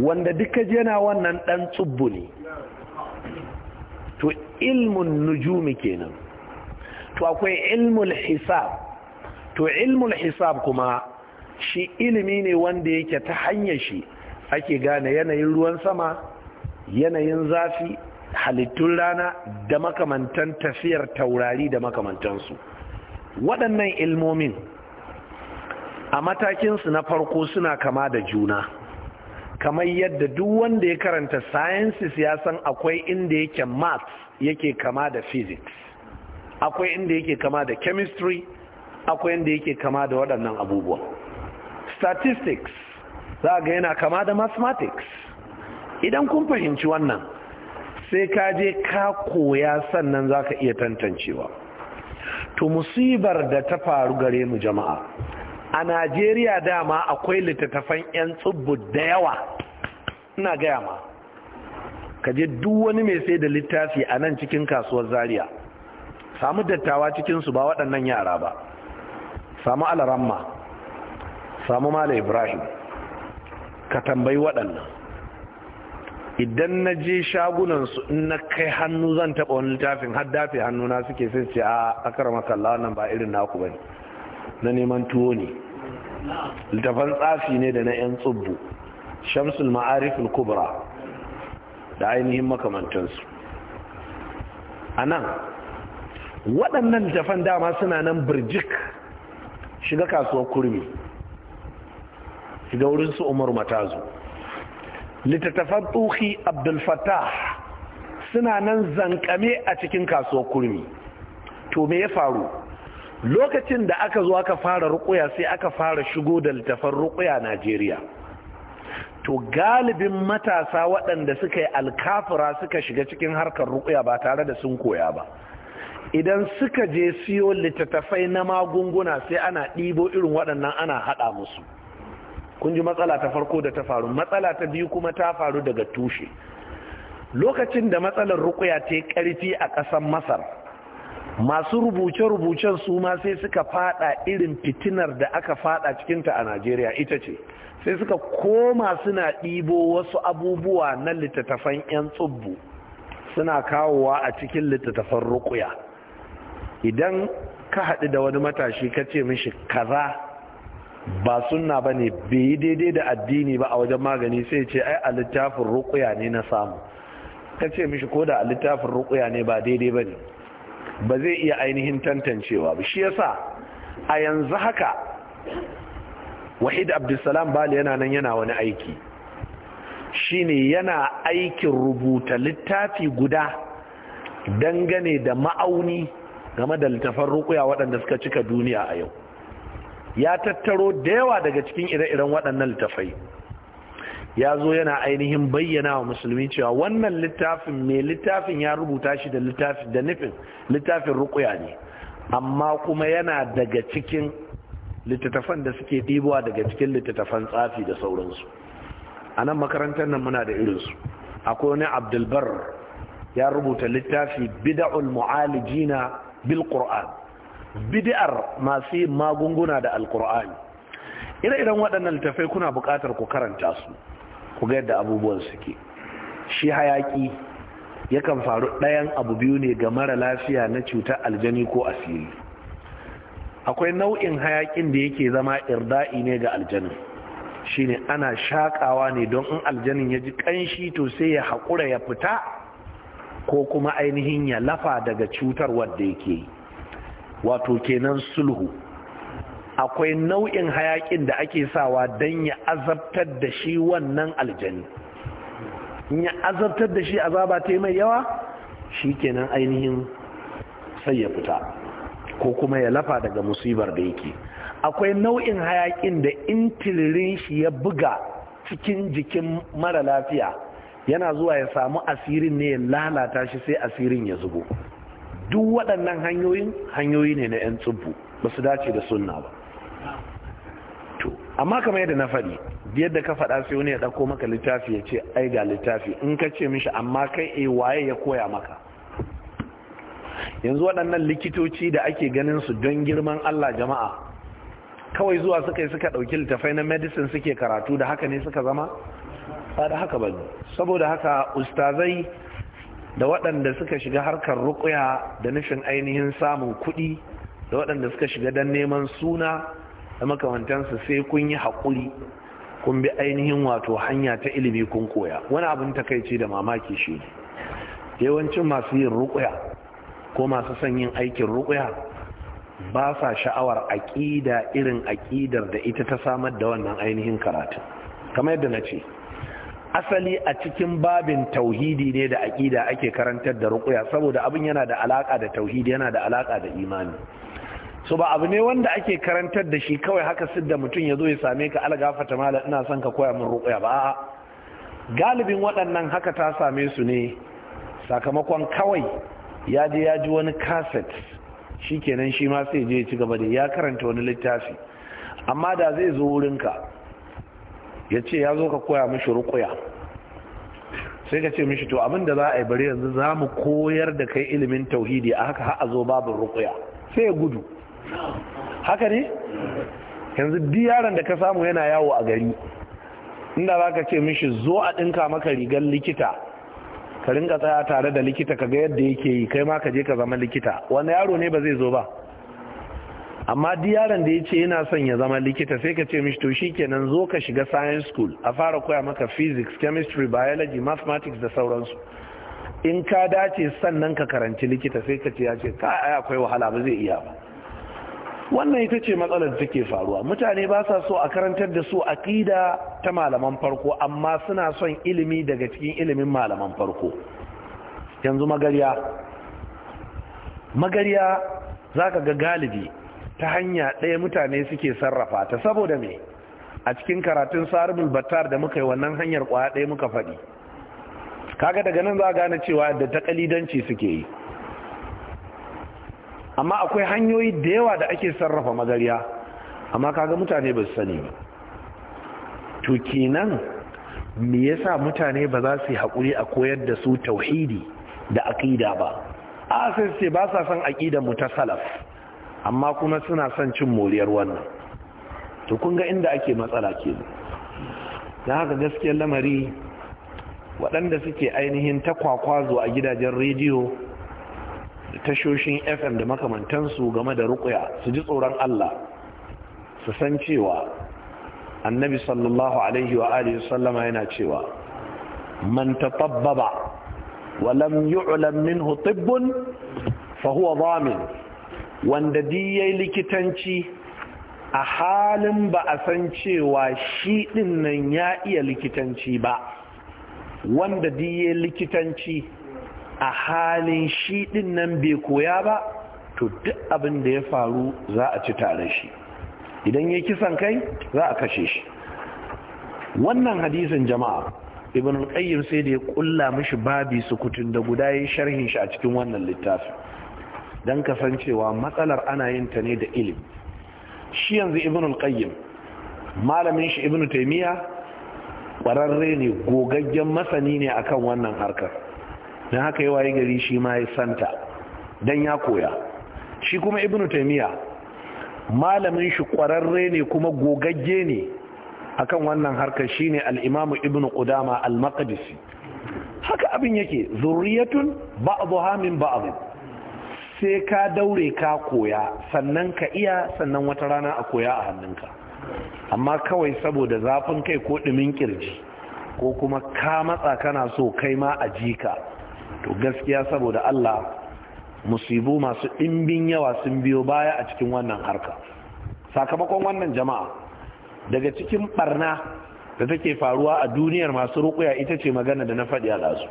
wanda duka jena wannan ɗan tsubbu ne to ilmun nujumi kenan to akwai ilmul hisab to ilmun hisab kuma shi ilimi ne wanda yake ta hanyar shi ake gane yanayin ruwan sama yanayin zafi halittun rana da makamantan tafiyar taurari da makamantansu waɗannan ilmomin a matakinsu na farko suna kama da juna kamar yadda duk wanda ya karanta sciences ya san akwai inda yake maths yake kama da physics akwai inda yake kama da chemistry akwai inda yake kama da waɗannan abubuwa statistics za ga yana kama da mathematics idan kun fahimci wannan sai ka je ka koya sannan za ka iya tantancewa to musibar da ta faru gare mu jama'a a najeriya dama akwai littattafan 'yan tsubbu da yawa ina gaya ma ka je duk wani mai sai da littafi a nan cikin kasuwar zariya samu dattawa cikinsu ba waɗannan yara ba samu alaramma samu mala ibrahim ka tambayi waɗannan idan na je shagunansu in na kai hannu zan taba wani littafin har dafe hannuna suke sai ce a akara maka nan ba irin naku bane na neman tuwo ne littafan tsafi ne da na 'yan tsubbu shamsul ma'arifin kubra da ainihin makamantansu a nan waɗannan littafan dama suna nan birjik shiga kasuwar kurmi shiga wurin su umar matazu littattafan Abdul abdulfatah suna nan zankame a cikin kasuwar kurmi to me ya faru lokacin da aka zo aka fara rukuya sai aka fara shigo da littafan rukuya najeriya to galibin matasa waɗanda suka yi alkafura suka shiga cikin harkar rukuya ba tare da sun koya ba idan suka je siyo littattafai na magunguna sai ana ɗibo irin waɗannan ana haɗa musu kun ji matsala ta farko da ta faru matsala ta biyu kuma ta faru daga tushe lokacin da matsalar rukuya ta yi karfi a ƙasar masar masu rubuce-rubucen su ma sai suka fada irin fitinar da aka fada cikinta a najeriya ita ce sai suka koma suna ɗibo wasu abubuwa na littattafan 'yan tsubbu suna kawowa a cikin littattafan rukuya idan ka haɗu da wani matashi ka ce mishi kaza ba sunna ba ne bai yi daidai da addini ba a wajen magani sai ce ai a littafin rukuya ne na samu ka ce mishi ko da a littafin rukuya ne ba daidai ba ne ba zai iya ainihin tantancewa ba shi yasa a yanzu haka wahid abdulsalam bali yana nan yana wani aiki Shi ne yana aikin rubuta littafi guda dangane da ma'auni game da littafin rukuya waɗanda suka cika duniya a yau ya tattaro da yawa daga cikin ire-iren waɗannan littafai ya zo yana ainihin bayyana wa musulmi cewa wannan littafin mai littafin ya rubuta shi da littafin da nufin littafin rukuya ne amma kuma yana daga cikin littattafan da suke ɗibowa daga cikin littattafan tsafi da sauransu a nan makarantar nan muna da irinsu akwai wani abdulbar ya rubuta littafi bida'ul mu'alijina bil qur'an bid'ar masu yin magunguna da alkur'ani ire-iren waɗannan littafai kuna buƙatar ku karanta su ku ga yadda abubuwan suke shi hayaƙi yakan faru ɗayan abu biyu ne ga mara lafiya na cutar aljani ko asiri akwai nau'in hayaƙin da yake zama irda'i ne ga aljanin shine ana shaƙawa ne don in aljanin ya ji ƙanshi to sai ya haƙura ya fita ko kuma ainihin ya lafa daga cutar wadda yake yi wato kenan sulhu akwai nau'in hayakin da ake sawa don ya azabtar da shi wannan aljani in ya azabtar da shi azaba ta mai yawa shi kenan ainihin sai ya fita ko kuma ya lafa daga musibar da yake akwai nau'in hayakin da in tilirin shi ya buga cikin jikin mara lafiya yana zuwa ya samu asirin ne ya lalata shi sai asirin ya zubo duk waɗannan hanyoyin hanyoyi ne na 'yan tsubu ba su dace da sunna ba to amma kamar yadda na faɗi da ka faɗa sai wani ya ɗauko maka littafi ya ce ai ga littafi in ka ce mishi amma kai e waye ya koya maka yanzu waɗannan likitoci da ake ganin su don girman Allah jama'a kawai zuwa suka yi suka ɗauki littafai na medicine suke karatu da haka ne suka zama ba da haka ba saboda haka ustazai da waɗanda suka shiga harkar rukuya da nufin ainihin samun kuɗi da waɗanda suka shiga don neman suna da makamantansu sai kun yi haƙuri kun bi ainihin wato hanya ta ilimi kun koya wani abin takaici da mamaki shi yawancin masu yin rukuya ko masu son yin aikin rukuya ba sa sha'awar aƙida irin aƙidar da ita ta samar da wannan ainihin karatu kamar yadda na ce asali a cikin babin tauhidi ne da aƙida ake karantar da rukuya saboda abin yana da alaƙa da tauhidi yana da alaƙa da imani so ba abu ne wanda ake karantar da shi kawai haka sidda mutum ya zo ya same ka algafata mala ina son ka koya min rukuya ba a galibin waɗannan haka ta same su ne sakamakon kawai ya je ya ji wani kaset shikenan shi ma sai je ya ci gaba da ya karanta wani littafi amma da zai zo wurinka ya ce ya zo ka koya mashi rukuya sai ka ce mishi to abinda za a yi bari yanzu za mu koyar da kai ilimin tauhidi a haka ha'a zo babin rukuya sai ya gudu haka ne yanzu yaron da ka samu yana yawo a gari inda za ka ce mishi zo a ɗinka maka rigar likita ka rinka tsaya tare da likita ka ga yadda yake yi kai ma ka je ka zama likita wani yaro ne ba zai zo ba amma duk da ya ce yana son ya zama likita sai ka ce mishi to kenan zo ka shiga science school a fara koya maka physics chemistry biology mathematics da sauransu in ka dace sannan ka karanci likita sai ka ce ya ce ka ai akwai wahala ba zai iya ba wannan ita ce matsalar da take faruwa mutane ba sa so a karantar da su aqida ta malaman farko amma suna son ilimi daga cikin ilimin malaman farko yanzu magariya magariya zaka ga galibi ta hanya ɗaya mutane suke sarrafa ta saboda me a cikin karatun sarbin batar da muka yi wannan hanyar kwaya ɗaya muka faɗi kaga daga nan za a gane cewa da ta ƙalidanci suke yi amma akwai hanyoyi da yawa da ake sarrafa magariya amma kaga mutane ba su sani ba to kenan me yasa mutane ba za su yi haƙuri a koyar da su tauhidi da aƙida ba a sai ba sa san aƙidar mu ta salaf amma kuma suna son cin moriyar wannan to kun ga inda ake matsala ke don haka gaskiyar lamari waɗanda suke ainihin ta kwakwazo a gidajen rediyo da tashoshin fm da makamantansu game da rukuya su ji tsoron allah su san cewa annabi sallallahu alaihi wa alihi sallama yana cewa man tatabbaba wa lam yu'lam minhu tibbun fa huwa dhamin wanda diyai likitanci a halin ba a san cewa shi ɗin nan ya iya likitanci ba wanda diyai likitanci a halin shi ɗin nan bai koya ba to duk abin da ya faru za a ci tare shi idan ya kisan kai za a kashe shi wannan hadisin jama'a ibn al-qayyim sai da ya kulla mishi babi sukutun da guda ya sharhin shi a cikin wannan littafin don kasancewa matsalar ana yin ta ne da ilim shi yanzu ibn al-qayyim malamin shi ibn taimiyya ƙwararre ne gogaggen masani ne akan wannan harkar don haka yi waye gari shi ma ya santa don ya koya shi kuma ibn taimiyya malamin shi ƙwararre ne kuma gogagge ne akan wannan harkar shine al-imamu ibn qudama al-maqdisi haka abin yake zurriyatun ba'dha min ba'd sai ka daure ka koya sannan ka iya sannan wata rana a koya a hannunka amma kawai saboda zafin kai ko ɗumin kirji ko kuma ka matsa kana so kai ma a ka to gaskiya saboda Allah musibu masu ɗimbin yawa sun biyo baya a cikin wannan harka sakamakon wannan jama'a daga cikin ɓarna da take faruwa a duniyar masu rukuya ita ce magana da na faɗi a ɗazu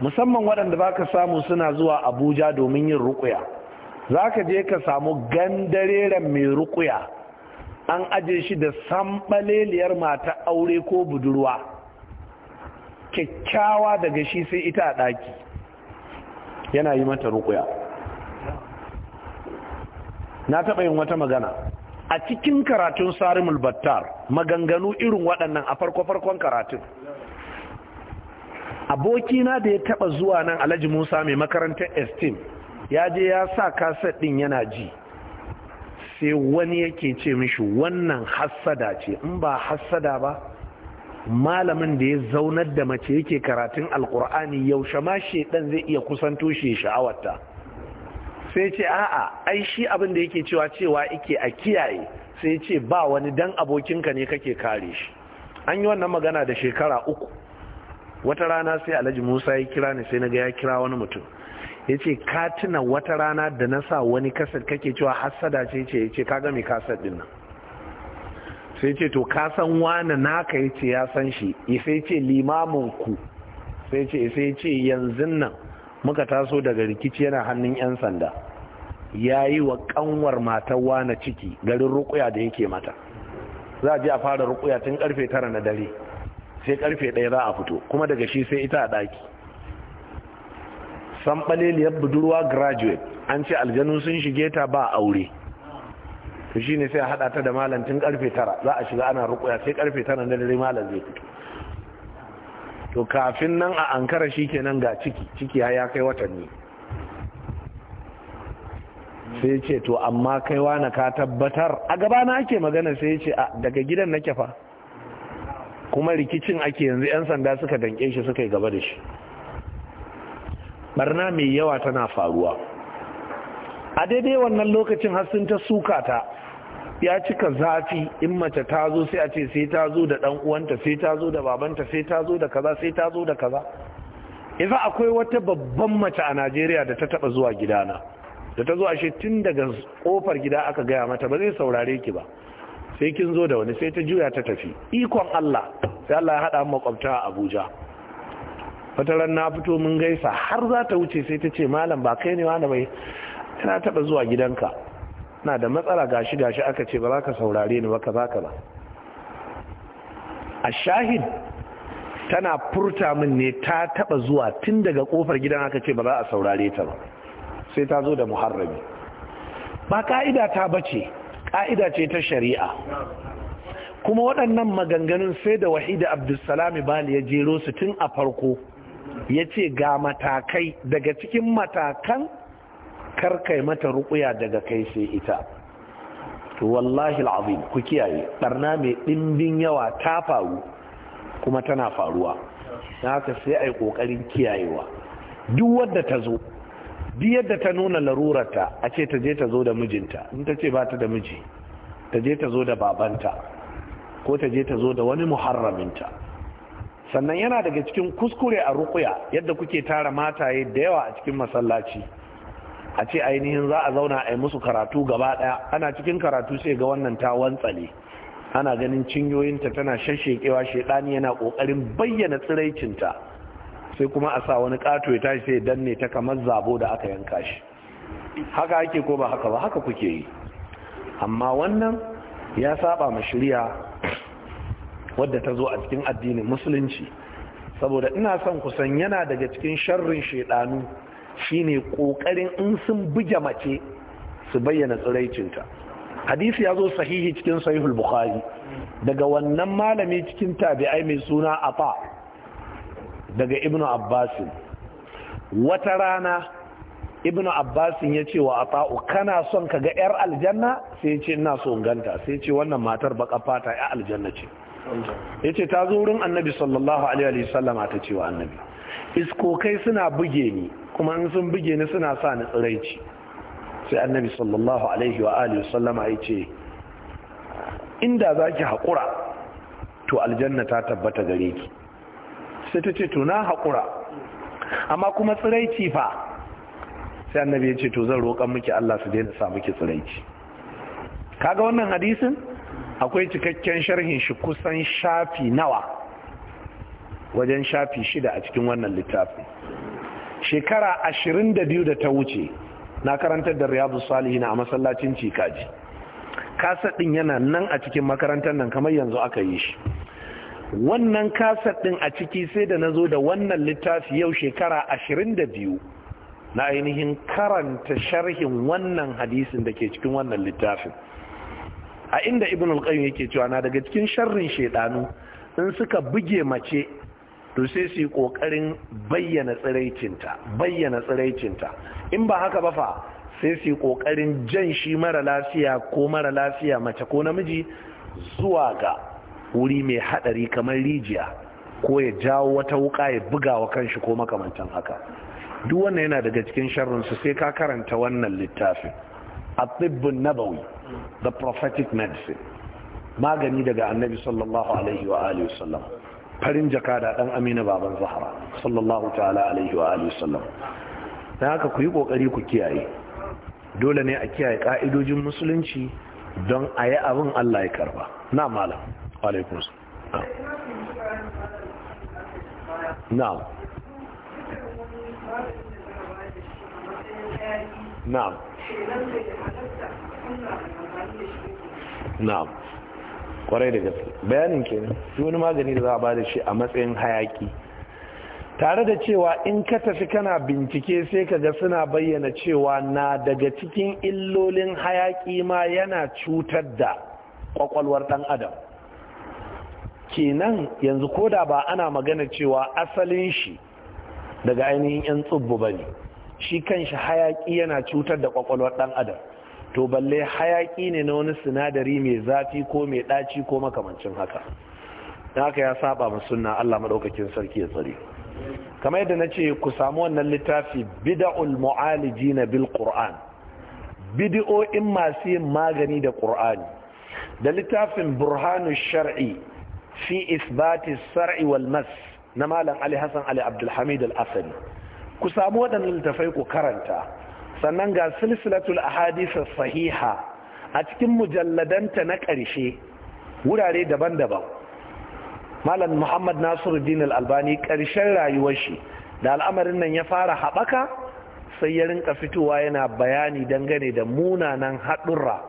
musamman waɗanda ba ka samu suna zuwa abuja domin yin rukuya za ka je ka samu gandareren mai rukuya an aje shi da sambaleliyar mata aure ko budurwa kyakkyawa daga shi sai ita a ɗaki yana yi mata rukuya na taɓa yin wata magana a cikin karatun sarimul battar maganganu irin waɗannan a farko-farkon karatun abokina da ya taba zuwa nan alhaji musa mai makarantar esteem ya je ya sa kaset din yana ji sai wani yake ce mishi wannan hassada ce in ba hassada ba malamin da ya zaunar da mace yake karatun alkur'ani yaushe ma shedan zai iya kusanto shi sha'awarta sai ce a'a ai shi abin da yake cewa cewa yake a kiyaye sai ce ba wani dan abokinka ne kake kare shi an yi wannan magana da shekara uku wata rana sai alhaji musa ya kira ni sai na ga ya kira wani mutum ya ce ka tuna wata rana da na sa wani kasar kake cewa hassada ce ce ya ce ka gami kasar din sai ce to ka san wani naka ya ce ya san shi sai ce limamin ku sai ce sai ce yanzu nan muka taso daga rikici yana hannun yan sanda ya yi wa kanwar matar wani ciki garin rukuya da yake mata za a je a fara rukuya tun karfe tara na dare sai karfe ɗaya za a fito kuma daga shi sai ita a ɗaki sanɓaleliyar budurwa graduate an ce aljanu sun shige ta ba aure to shi ne sai a haɗa ta da malantin karfe tara za a shiga ana rukuya sai karfe tara na dare malam zai fito to kafin nan a ankara shi kenan ga ciki ciki ya kai watanni sai ce to amma kaiwa na ka tabbatar a gabana ake magana sai ce daga gidan na kyafa kuma rikicin ake yanzu 'yan sanda suka danke shi suka yi gaba da shi barna mai yawa tana faruwa a daidai wannan lokacin hassun ta suka ta ya cika zafi in mace ta zo sai a ce sai ta zo da dan uwanta sai ta zo da babanta sai ta zo da kaza sai ta zo da kaza idan akwai wata babban mace a Najeriya da ta taba zuwa gidana da ta zo a ashe tun daga kofar gida aka gaya mata ba zai saurare ki ba sai kin zo da wani sai ta juya ta tafi ikon Allah sai Allah ya hada makwabta a Abuja fataran na fito mun gaisa har za ta wuce sai ta ce malam ba kai ne wani bai ina taɓa zuwa gidanka na da matsala gashi gashi aka ce ba za ka saurare ni ba ka za ka ba a tana furta min ne ta taba zuwa tun daga kofar gidan aka ce ba za a saurare ta ba sai ta zo da muharrami ba ka'ida ta bace ƙa'ida ce ta shari'a kuma waɗannan maganganun sai da wahida abdulsalami bali ya jero su tun a farko ya ce ga matakai daga cikin matakan karkai mata rukuya daga kai sai ita to wallahi al'azim ku kiyaye barna mai ɗimbin yawa ta faru kuma tana faruwa na haka sai a yi ƙoƙarin kiyayewa duk wanda ta zo duk yadda ta nuna larurarta a ce ta je ta zo da mijinta in ta ce ba ta da miji ta je ta zo da babanta ko ta je ta zo da wani muharraminta sannan yana daga cikin kuskure a rukuya yadda kuke tara mataye da yawa a cikin masallaci a ce ainihin za a zauna a yi musu karatu gaba daya ana cikin karatu sai ga wannan ta wantsale ana ganin cinyoyinta tana shashekewa shedani yana kokarin bayyana tsiraicinta sai kuma a sa wani ƙato ya tashi sai danne ta kamar zabo da aka yanka shi haka ake ko ba haka ba haka kuke yi amma wannan ya saba ma shirya wadda ta zo a cikin addinin musulunci saboda ina son kusan yana daga cikin sharrin shedanu shine kokarin in sun buge mace su bayyana tsiraicinta hadisi ya zo sahihi cikin sahihul bukhari daga wannan malami cikin tabi'ai mai suna afa daga ibnu abbasin wata rana ibnu abbasin ya ce wa ata'u kana son ka ga yar aljanna sai ce ina so ganta sai ce wannan matar baka fata ya aljanna ce ya ce ta zo wurin annabi sallallahu alaihi wasallama ta ce wa annabi iskokai suna buge ni kuma in sun buge ni suna sa ni tsiraici sai annabi sallallahu alaihi wa alihi ya ce inda zaki haƙura to aljanna ta tabbata gare ki sai ta ce to na haƙura amma kuma tsiraici fa sai annabi ya ce to zan roƙa miki Allah su daina sa miki tsiraici kaga wannan hadisin akwai cikakken sharhin shi kusan shafi nawa wajen shafi shida a cikin wannan littafin shekara ashirin da biyu da ta wuce na karantar da riyadu na a masallacin cikaji kasa ɗin yana nan a cikin makarantar nan kamar yanzu aka yi shi wannan kasar din a ciki sai da na zo da wannan littafi yau shekara ashirin da biyu na ainihin karanta sharhin wannan hadisin da ke cikin wannan littafin a inda ibn al-qayyim yake cewa na daga cikin sharrin shedanu in suka buge mace to sai su yi kokarin bayyana tsiraicinta bayyana tsiraicinta in ba haka ba fa sai su yi kokarin jan shi mara lafiya ko mara lafiya mace ko namiji zuwa ga wuri mai hadari kamar rijiya ko ya jawo wata wuka ya buga wa kanshi ko makamantan haka duk wannan yana daga cikin sharrin su sai ka karanta wannan littafin at nabawi the prophetic medicine magani daga annabi sallallahu alaihi wa alihi wasallam farin da dan amina baban zahra sallallahu ta'ala alaihi wa alihi wasallam dan haka ku yi kokari ku kiyaye dole ne a kiyaye ka'idojin musulunci don a yi abin Allah ya karba na malam alaikun na'am na'am na'am wani magani da za a ba da shi a matsayin hayaki tare da cewa in ka tafi kana bincike sai ka ga suna bayyana cewa na daga cikin illolin hayaƙi ma yana cutar da ƙwaƙwalwar ɗan adam kenan yanzu ko da ba ana magana cewa asalin shi daga ainihin 'yan tsubbu ba ne shi kanshi hayaƙi yana cutar da ƙwaƙwalwar ɗan adam to balle hayaƙi ne na wani sinadari mai zafi ko mai ɗaci ko makamancin haka na haka ya saba ma sunna Allah maɗaukakin sarki ya tsare kamar yadda na ce ku samu wannan littafi bida'ul mu'aliji na bil qur'an bidi'o'in masu yin magani da ƙur'ani, da littafin burhanu shar'i fi isbati sar'i wal mas na malam ali hassan ali Hamid al-asadi ku samu waɗannan littafai ku karanta sannan ga silsilatul ahadith sahiha a cikin mujalladanta na ƙarshe wurare daban-daban malam muhammad nasiruddin al-albani ƙarshen rayuwar shi da al'amarin nan ya fara haɓaka sai ya rinka fitowa yana bayani dangane da munanan haɗurra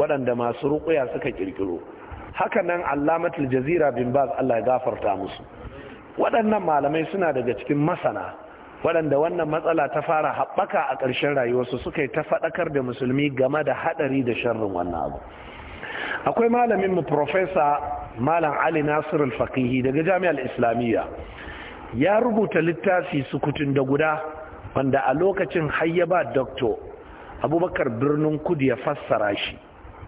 waɗanda masu ruƙuya suka ƙirƙiro haka nan allamatul jazira bin baz Allah ya gafarta musu waɗannan malamai suna daga cikin masana waɗanda wannan matsala ta fara haɓaka a ƙarshen rayuwarsu suka yi ta faɗakar da musulmi game da haɗari da sharrin wannan abu akwai malamin mu profesa malam ali nasir al-faqihi daga jami'ar islamiyya ya rubuta littafi sukutun da guda wanda a lokacin hayyaba doctor abubakar birnin kudu ya fassara shi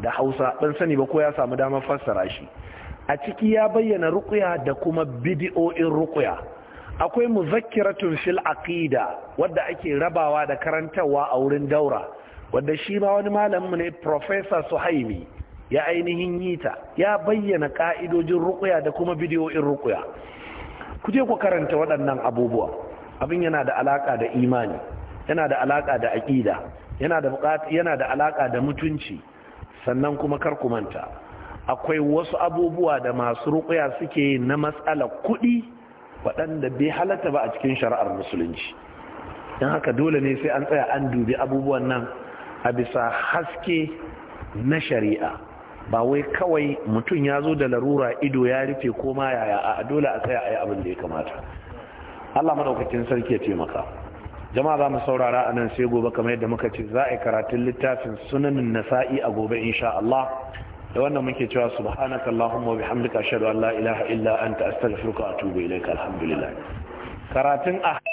da hausa ban sani ba ko ya samu damar fassara shi a ciki ya bayyana rukuya da kuma bidiyo'in rukuya akwai muzakkiratun fil aqida wadda ake rabawa da karantarwa a wurin daura wadda shi ma wani malamin ne professor suhaimi ya ainihin yi ta ya bayyana ka'idojin rukuya da kuma bidiyo'in rukuya ku je ku karanta waɗannan abubuwa abin yana da alaka da imani yana da alaka da aqida yana da yana da alaka da mutunci sannan kuma kar ku manta akwai wasu abubuwa da masu ruƙuya suke na matsala kuɗi waɗanda bai halatta ba a cikin shari'ar musulunci don haka dole ne sai an tsaya an dubi abubuwan nan a bisa haske na shari'a ba wai kawai mutum ya zo da larura ido ya rufe koma yaya a dole a tsaya a yi abin da ya kamata Allah madaukakin sarki ya taimaka jama'a za mu saurara a nan sai gobe kamar yadda muka ce za a yi karatun littafin sunanin nasa'i a gobe insha Allah da wannan muke cewa subhanaka allahumma wa bihamdika ashhadu an la ilaha illa anta astaghfiruka wa atubu ilaika alhamdulillah karatun